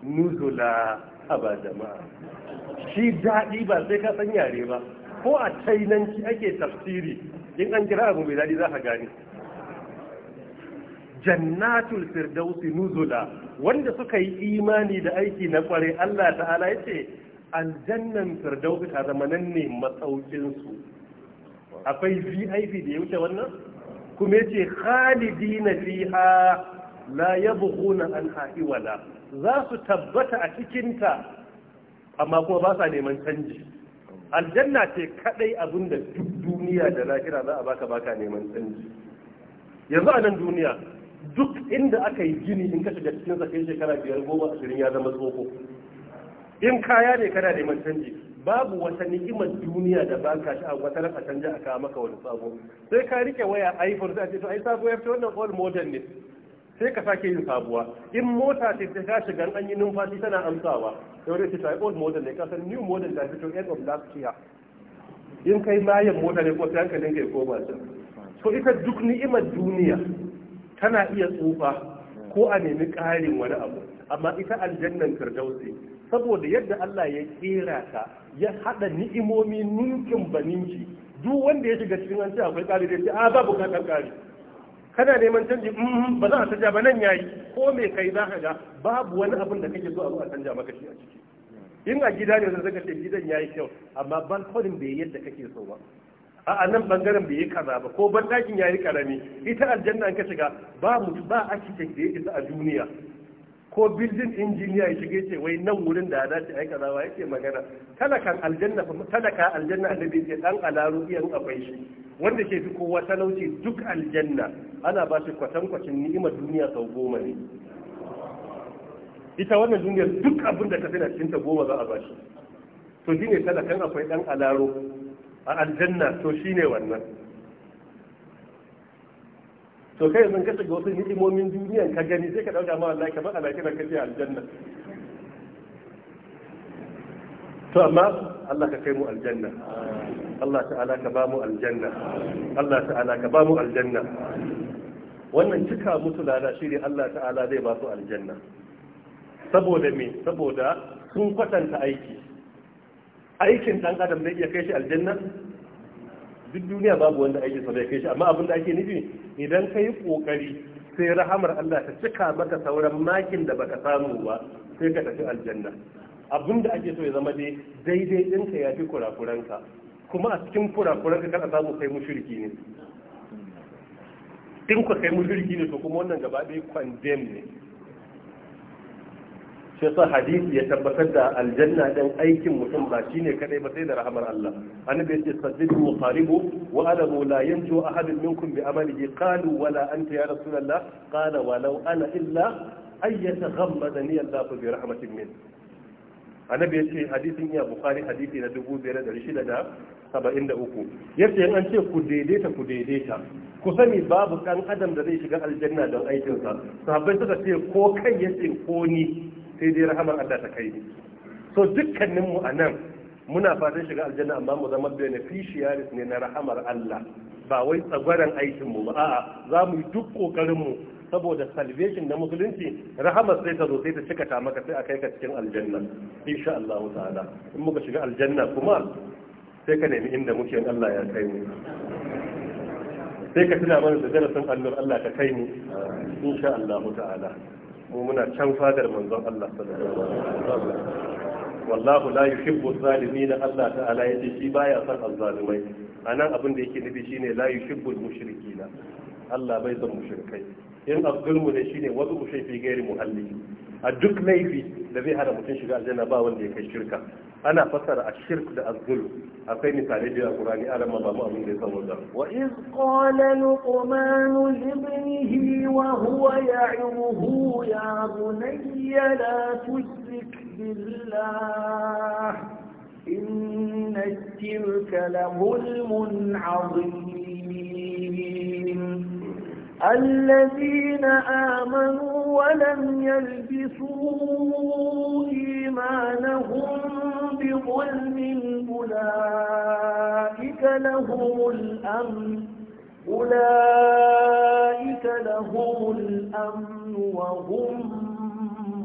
nuzula a ba jama'a shi daɗi ba sai ka san yare ba ko a tainanci ake tafsiri in an kira abu mai daɗi za ka gane jannatul firdausi nuzula wanda suka yi imani da aiki na kware Allah ta'ala ya ce aljannan firdausi ta zama nan ne matsaukinsu akwai vip da ya wuce wannan kuma ya ce khalidina fiha la yabghuna anha iwala za su tabbata a cikinta, amma kuma ba sa neman canji aljanna ce kadai abinda duk duniya da lahira za a baka baka neman canji yanzu a nan duniya duk inda aka yi gini in ka shiga cikin sa kai shekara biyar goma ashirin ya zama tsoho in kaya ne kana neman canji babu wata ni'imar duniya da ba ka shi a wata a canja a kawo maka wani sabo sai ka rike waya iphone sai a ce to ai sabo ya fito wannan all modern ne sai ka sake yin sabuwa in mota ce ta ta gan an yi numfashi tana amsawa yau da ta old model ne kasan new model da fito end of last year in kai mayan mota ne ko sai hankalin kai koma can To ita duk ni'imar duniya tana iya tsufa ko a nemi ƙarin wani abu amma ita aljannan firdausi saboda yadda Allah ya kera ta ya hada ni'imomi ninkin baninki duk wanda ya shiga cikin an ce akwai ƙari da ya a babu bukatar ƙari kana neman canji ba za a canja ba nan yayi ko me kai za ka ga babu wani abin da kake so a zuwa a canja maka shi a ciki in a gida ne zaka ce gidan yayi kyau amma balkonin bai yadda kake so ba a nan bangaren bai yi kaza ba ko ban dakin yayi karami ita aljanna an ka shiga ba mu ba a cikin da ya a duniya ko building injiniya ya shige ce wai nan wurin da za dace ai kaza yake magana talakan aljanna talaka aljanna annabi ce dan alaru yan akwai shi wanda ke fi kowa talauci duk aljanna ana ba shi kwatankwacin ni'imar duniya sau goma ne ita wannan duniyar duk abin da ka fi na cikin ta goma za a ba shi to shine talakan akwai dan alaro a aljanna to shine wannan to kai yanzu ka shiga wasu ni'imomin duniya ka gani sai ka dauka ma wallahi kamar da ka ce aljanna to amma Allah ka kai mu aljanna Allah ta'ala ka ba mu aljanna Allah ta'ala ka ba mu aljanna wannan cika musu lada shi ne Allah ta'ala zai ba su aljanna saboda me saboda sun kwatanta aiki aikin dan adam zai iya kai shi aljanna duk duniya babu wanda aiki sa zai kai shi amma abin da ake nufi idan kai kokari sai rahamar Allah ta cika maka sauran makin da baka samu ba sai ka tafi aljanna abin da ake so ya zama dai daidai ɗinka ya fi kurakuranka kuma a cikin kurakuranka kada samu kai mushriki ne in ka kai mushriki ne to kuma wannan gaba ɗaya ne shi yasa hadisi ya tabbatar da aljanna dan aikin mutum ba shine kadai ba sai da rahmar Allah annabi yace saddidu muqaribu wa alamu la yanju ahadun minkum bi amalihi qalu wala anta ya rasulullah qala walau ana illa ay yataghammadani Allah bi rahmatin min annabi ya ce hadisin iya bukari hadisi na uku. ya ce an ce ku daidaita ku daidaita ku sani babu ɗan adam da zai shiga aljanna don aikinsa sahabbai suka ce ko kai ya ce ko ni sai dai rahamar Allah ta kai ni so dukkaninmu a nan muna fatan shiga aljanna amma mu zama beneficiaries ne na rahamar Allah ba wai tsagwaron aikinmu ba a'a za mu yi duk kokarinmu saboda salvation na musulunci rahamar sai ta zo sai ta cika ta maka sai a kai ka cikin aljanna insha Allah ta'ala in muka shiga aljanna kuma sai ka nemi inda muke in Allah ya kai mu sai ka tuna mana da darasin annur Allah ka kai mu insha Allah ta'ala mu muna can fadar manzon Allah sallallahu alaihi wasallam wallahu la yuhibbu zalimin Allah ta'ala yace shi baya son azzalumai anan abin da yake nufi shine la yuhibbu mushrikina Allah bai son mushrikai in azgulmu ne shine wasu ushe fi gairi muhalli a duk laifi da zai hana mutum shiga aljanna ba wanda ya kai shirka ana fasara ashirk da azgulu akwai misali da Qur'ani a ramma ba mu abin da ya samu da wa iz qala luqman li ibnihi wa huwa ya'imuhu ya bunayya la tushrik billah inna ash-shirka la zulmun 'azim الذين آمنوا ولم يلبسوا إيمانهم بظلم أولئك لهم الأمن أولئك لهم الأمن وهم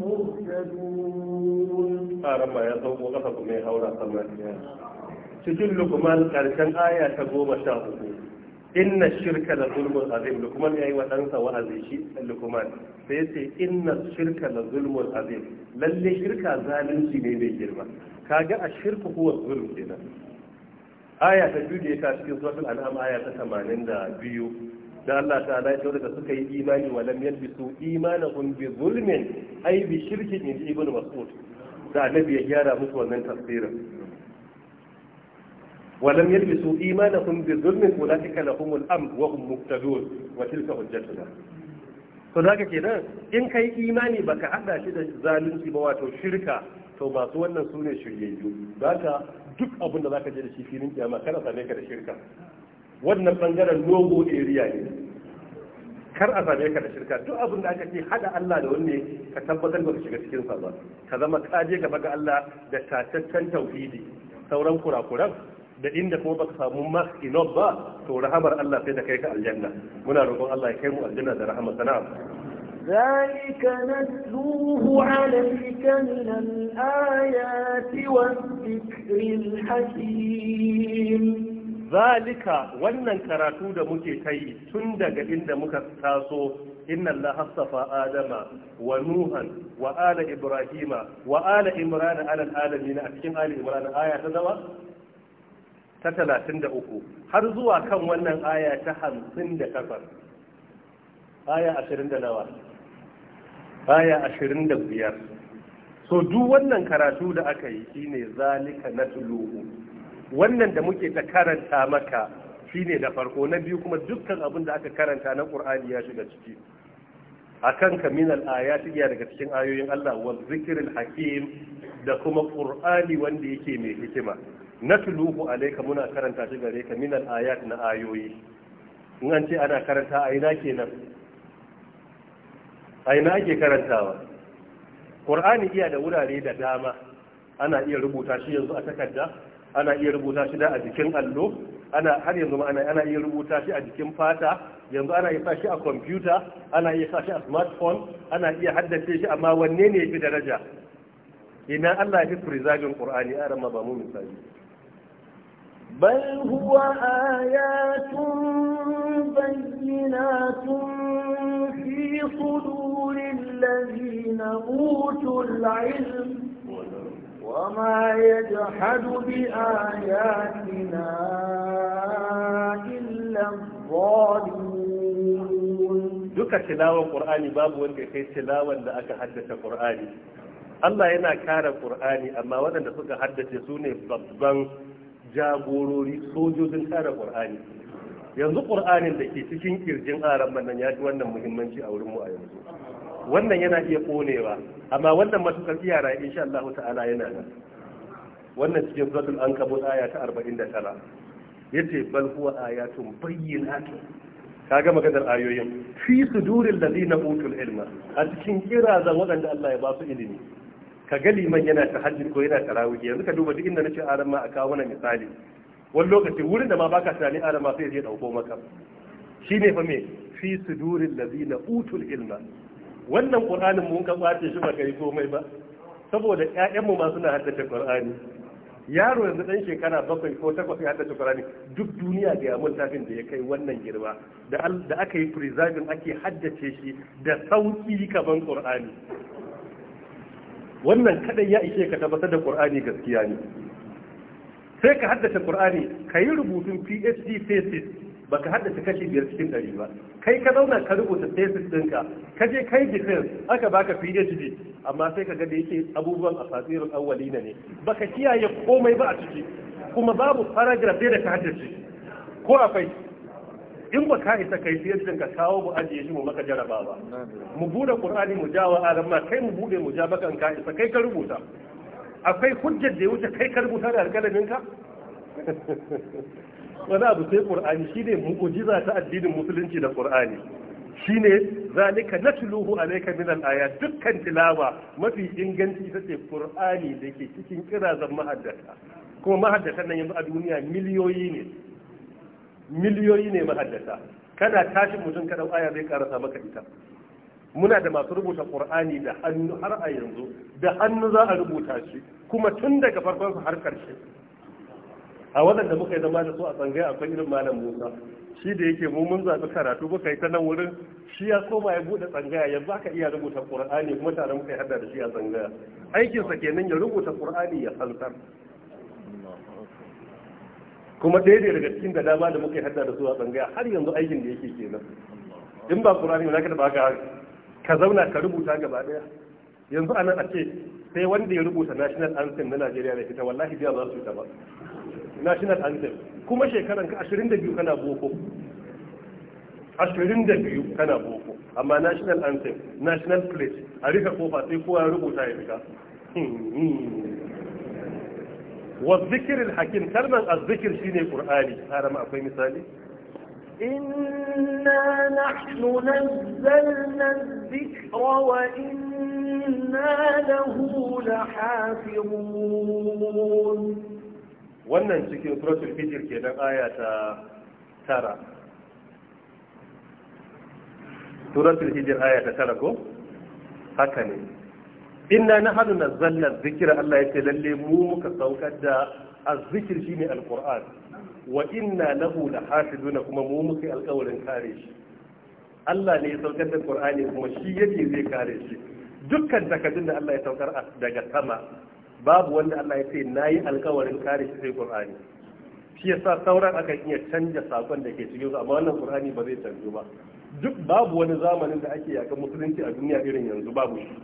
مهتدون أرمى آه، يضم وقفكم يا هورا سمعتها cikin lukman karshen aya ta goma sha inna shirka da zulmun azim lukman ya yi wa ɗansa wa'azi shi lukman sai ce inna shirka da zulmun azim lalle shirka zalunci ne mai girma kaga a shirka huwa zulm kenan aya ta biyu da ya ta cikin suratul an'am aya ta 82 da Allah ta'ala ya da suka yi imani wa lam yalbisu imanahum bi zulmin ay bi shirkin ibn mas'ud da annabi ya gyara musu wannan tafsirin ولم يلبسوا إيمانهم بظلم أولئك لهم الأمن وهم مقتدون وتلك حجتنا to da kenan in kai imani baka hada shi da zalunci ba wato shirka to masu wannan su ne shiryayyu zaka duk abin da zaka je da shi filin kiyama ka da shirka wannan bangaren logo area ne kar a same ka da shirka duk abin da aka ce hada Allah da wanne ka tabbatar ka shiga cikin sa ba ka zama kaje gaba ga Allah da tataccen tauhidi sauran kurakuran da inda kuma baka samu mas enough ba to rahamar Allah sai da kai ka aljanna muna roƙon Allah ya kai mu aljanna da rahama sana'a ذلك نتلوه عليك من الآيات والذكر الحكيم ذلك wannan karatu da muke kai tun daga inda muka taso inna Allah astafa Adama wa Nuhan wa ala Ibrahima wa ala Imran ala alamin a cikin ali Imran aya ta zama ta talatin da uku har zuwa kan wannan aya ta hamsin da takwas aya ashirin da nawa aya ashirin da biyar so duk wannan karatu da aka yi shine zalika na tuluhu wannan da muke ta karanta maka shine da farko na biyu kuma dukkan abin da aka karanta na ƙur'ani ya shiga ciki a kan min aya ta iya daga cikin ayoyin Allah wa zikirin hakim da kuma ƙur'ani wanda yake mai hikima natluhu alayka muna karanta shi gare ka min ayat na ayoyi in an ce ana karanta a ina kenan a ina ake karantawa qur'ani iya da wurare da dama ana iya rubuta shi yanzu a takarda ana iya rubuta shi da a jikin allo ana har yanzu ma ana iya rubuta shi a jikin fata yanzu ana iya sa shi a computer ana iya sa shi a smartphone ana iya haddace shi amma wanne ne yafi daraja ina Allah ya fi preserving Qur'ani a ran ba mu misali بل هو آيات بينات في صدور الذين أوتوا العلم وما يجحد بآياتنا إلا الظالمون duka tilawar ƙur'ani babu wanda ya kai da aka haddace Allah yana kare ƙur'ani amma waɗanda suka haddace su ne babban jagorori sojojin tsara qur'ani yanzu ƙwar'anin da ke cikin kirjin aran nan ya ji wannan muhimmanci a wurin mu a yanzu wannan yana iya ƙonewa, amma wannan matukar iyara insha Allah ta'ala yana nan wannan cikin an kabo aya ta 49 yace bal huwa ayatun Ka ga maganar ayoyin fi suduril ladina utul ilma a cikin kirazan waɗanda Allah ya ba su ilimi ka ga liman yana ta tahajjud ko yana tarawih yanzu ka duba duk inda nace arama a kawo wannan misali wani lokaci wurin da ma baka tunani arama sai ya dauko maka shine fa me fi sudurin ladina utul ilma wannan qur'anin mun ka kwace shi ba yi komai ba saboda ƴaƴan mu ma suna haddace qur'ani yaro yanzu dan shekara bakwai ko takwas ya haddace Qur'ani duk duniya da mun tafin da ya kai wannan girma da da aka yi preserving ake haddace shi da sauki kaman Qur'ani wannan kadai ya ishe ka tabbatar da ƙur'ani gaskiya ne sai ka haddace ƙur'ani ka yi rubutun phd thesis baka haddace kashi biyar cikin ɗari ba kai ka zauna ka rubuta thesis ɗinka ka je kai defense aka baka phd amma sai ka ga yake abubuwan a fasirin awwalina ne baka kiyaye komai ba a ciki kuma babu paragraph da ka haddace ko akwai in ba ka isa kai siyarcin ka kawo mu ajiye shi mu maka jarabawa mu bude qur'ani mu jawa alamma kai mu bude mu ja kanka in isa kai ka rubuta akwai hujjar da ya wuce kai ka rubuta da alƙalamin ka (laughs) wani abu sai qur'ani shine mu'jiza ta addinin musulunci da qur'ani shine zalika natluhu alayka min al dukkan tilawa mafi inganci ita ce qur'ani da ke cikin kirazan mahaddata kuma mahaddatan nan yanzu a duniya miliyoyi ne miliyoyi ne mahaddasa Kada tashin mutum ka dau aya zai karasa maka ita muna da masu rubuta qur'ani da hannu har a yanzu da hannu za a rubuta shi kuma tun daga farkon su har karshe a waɗanda muka yi zama da su a tsangaya akwai irin malam musa shi da yake mu mun zaɓi karatu muka yi ta nan wurin shi ya koma ya buɗe tsangaya yanzu aka iya rubuta qur'ani kuma tare muka yi hada da shi a tsangaya aikinsa kenan ya rubuta qur'ani ya hansar. kuma ɗaya da daga cikin da dama da muka yi hadda da zuwa tsangaya har yanzu aikin da yake kenan in ba kurani ba ka taba ka ka zauna ka rubuta gaba daya yanzu anan a ce sai wanda ya rubuta national anthem na Najeriya da fita wallahi biya ba su ta ba national anthem kuma shekaran ka 22 kana boko 22 kana boko amma national anthem national pledge a rika kofa sai kowa ya rubuta ya fita hmm, hmm. wa zikirin hakim kalmar azzikir shine qur'ani harama akwai misali إنا نحن نزلنا الذكر وإنا له لحافظون wannan cikin suratul hijr kenan aya ta tara suratul hijr aya ta tara ko haka ne inna na hannu na zallar zikirar Allah ya ce lalle mu muka saukar da azzikir ne alquran wa inna hafi lahafizuna kuma mu muka alƙawarin kare shi Allah ne ya saukar da Qur'ani kuma shi yake zai kare shi dukkan takardun da Allah ya saukar daga sama babu wanda Allah ya ce nayi alƙawarin kare shi sai Qur'ani shi yasa sauran aka iya canja sakon da ke cikin amma wannan Qur'ani ba zai canju ba duk babu wani zamanin da ake yakan musulunci a duniya irin yanzu babu shi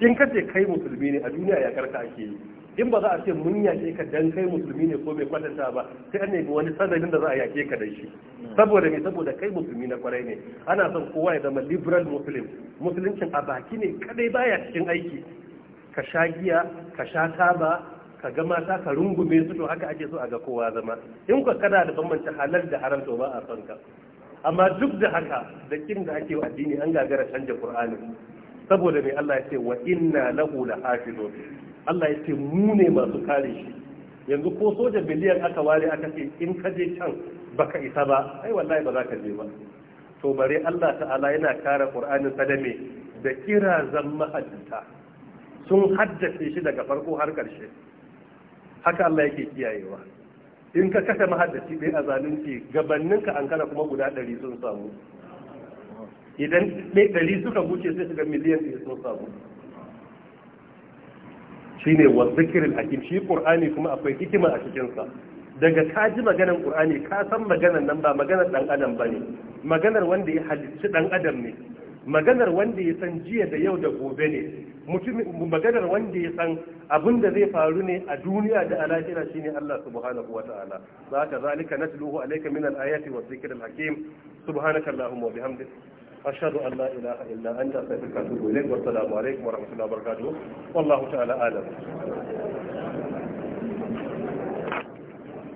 in ka ce kai musulmi ne a duniya ya karka ake yi in ba za a ce mun yaƙe ka dan kai musulmi ne ko mai kwatanta ba sai an nemi wani sanadin da za a yake ka da shi saboda me saboda kai musulmi na kwarai ne ana son kowa ya zama liberal muslim musuluncin a baki ne kadai baya cikin aiki ka sha giya ka sha taba ka ga mata ka rungume su to haka ake so a ga kowa zama in ka kana da bambanta halal da haram to ba a son ka amma duk da haka da kin da ake wa addini an gagara canja qur'ani saboda mai Allah ya ce wa inna lahu la hafizun Allah ya ce mu ne masu kare shi yanzu ko soja biliyan aka ware aka ce in ka je can baka isa ba ai wallahi ba za ka je ba to bare Allah ta'ala yana kare Qur'anin sa da me da kira zan mahaddata sun haddace shi daga farko har karshe haka Allah yake kiyayewa in ka kashe mahaddaci bai a zalunci gabanninka an kana kuma guda ɗari sun samu idan ɗari suka wuce sai su ga miliyan ɗaya sun samu shine wa zikirin hakim shi ƙur'ani kuma akwai hikima a cikinsa daga ka ji maganar ƙur'ani ka san maganar nan ba maganar dan adam ba ne maganar wanda ya halicci dan adam ne maganar wanda ya san jiya da yau da gobe ne maganar wanda ya san abin da zai faru ne a duniya da alakira shine Allah subhanahu wa ta'ala za ka zalika na tuluhu min al-ayati wa hakim subhanaka allahumma wa bihamdika أشهد أن لا إله إلا أنت أستغفرك وأتوب إليك والسلام عليكم ورحمة الله وبركاته والله تعالى أعلم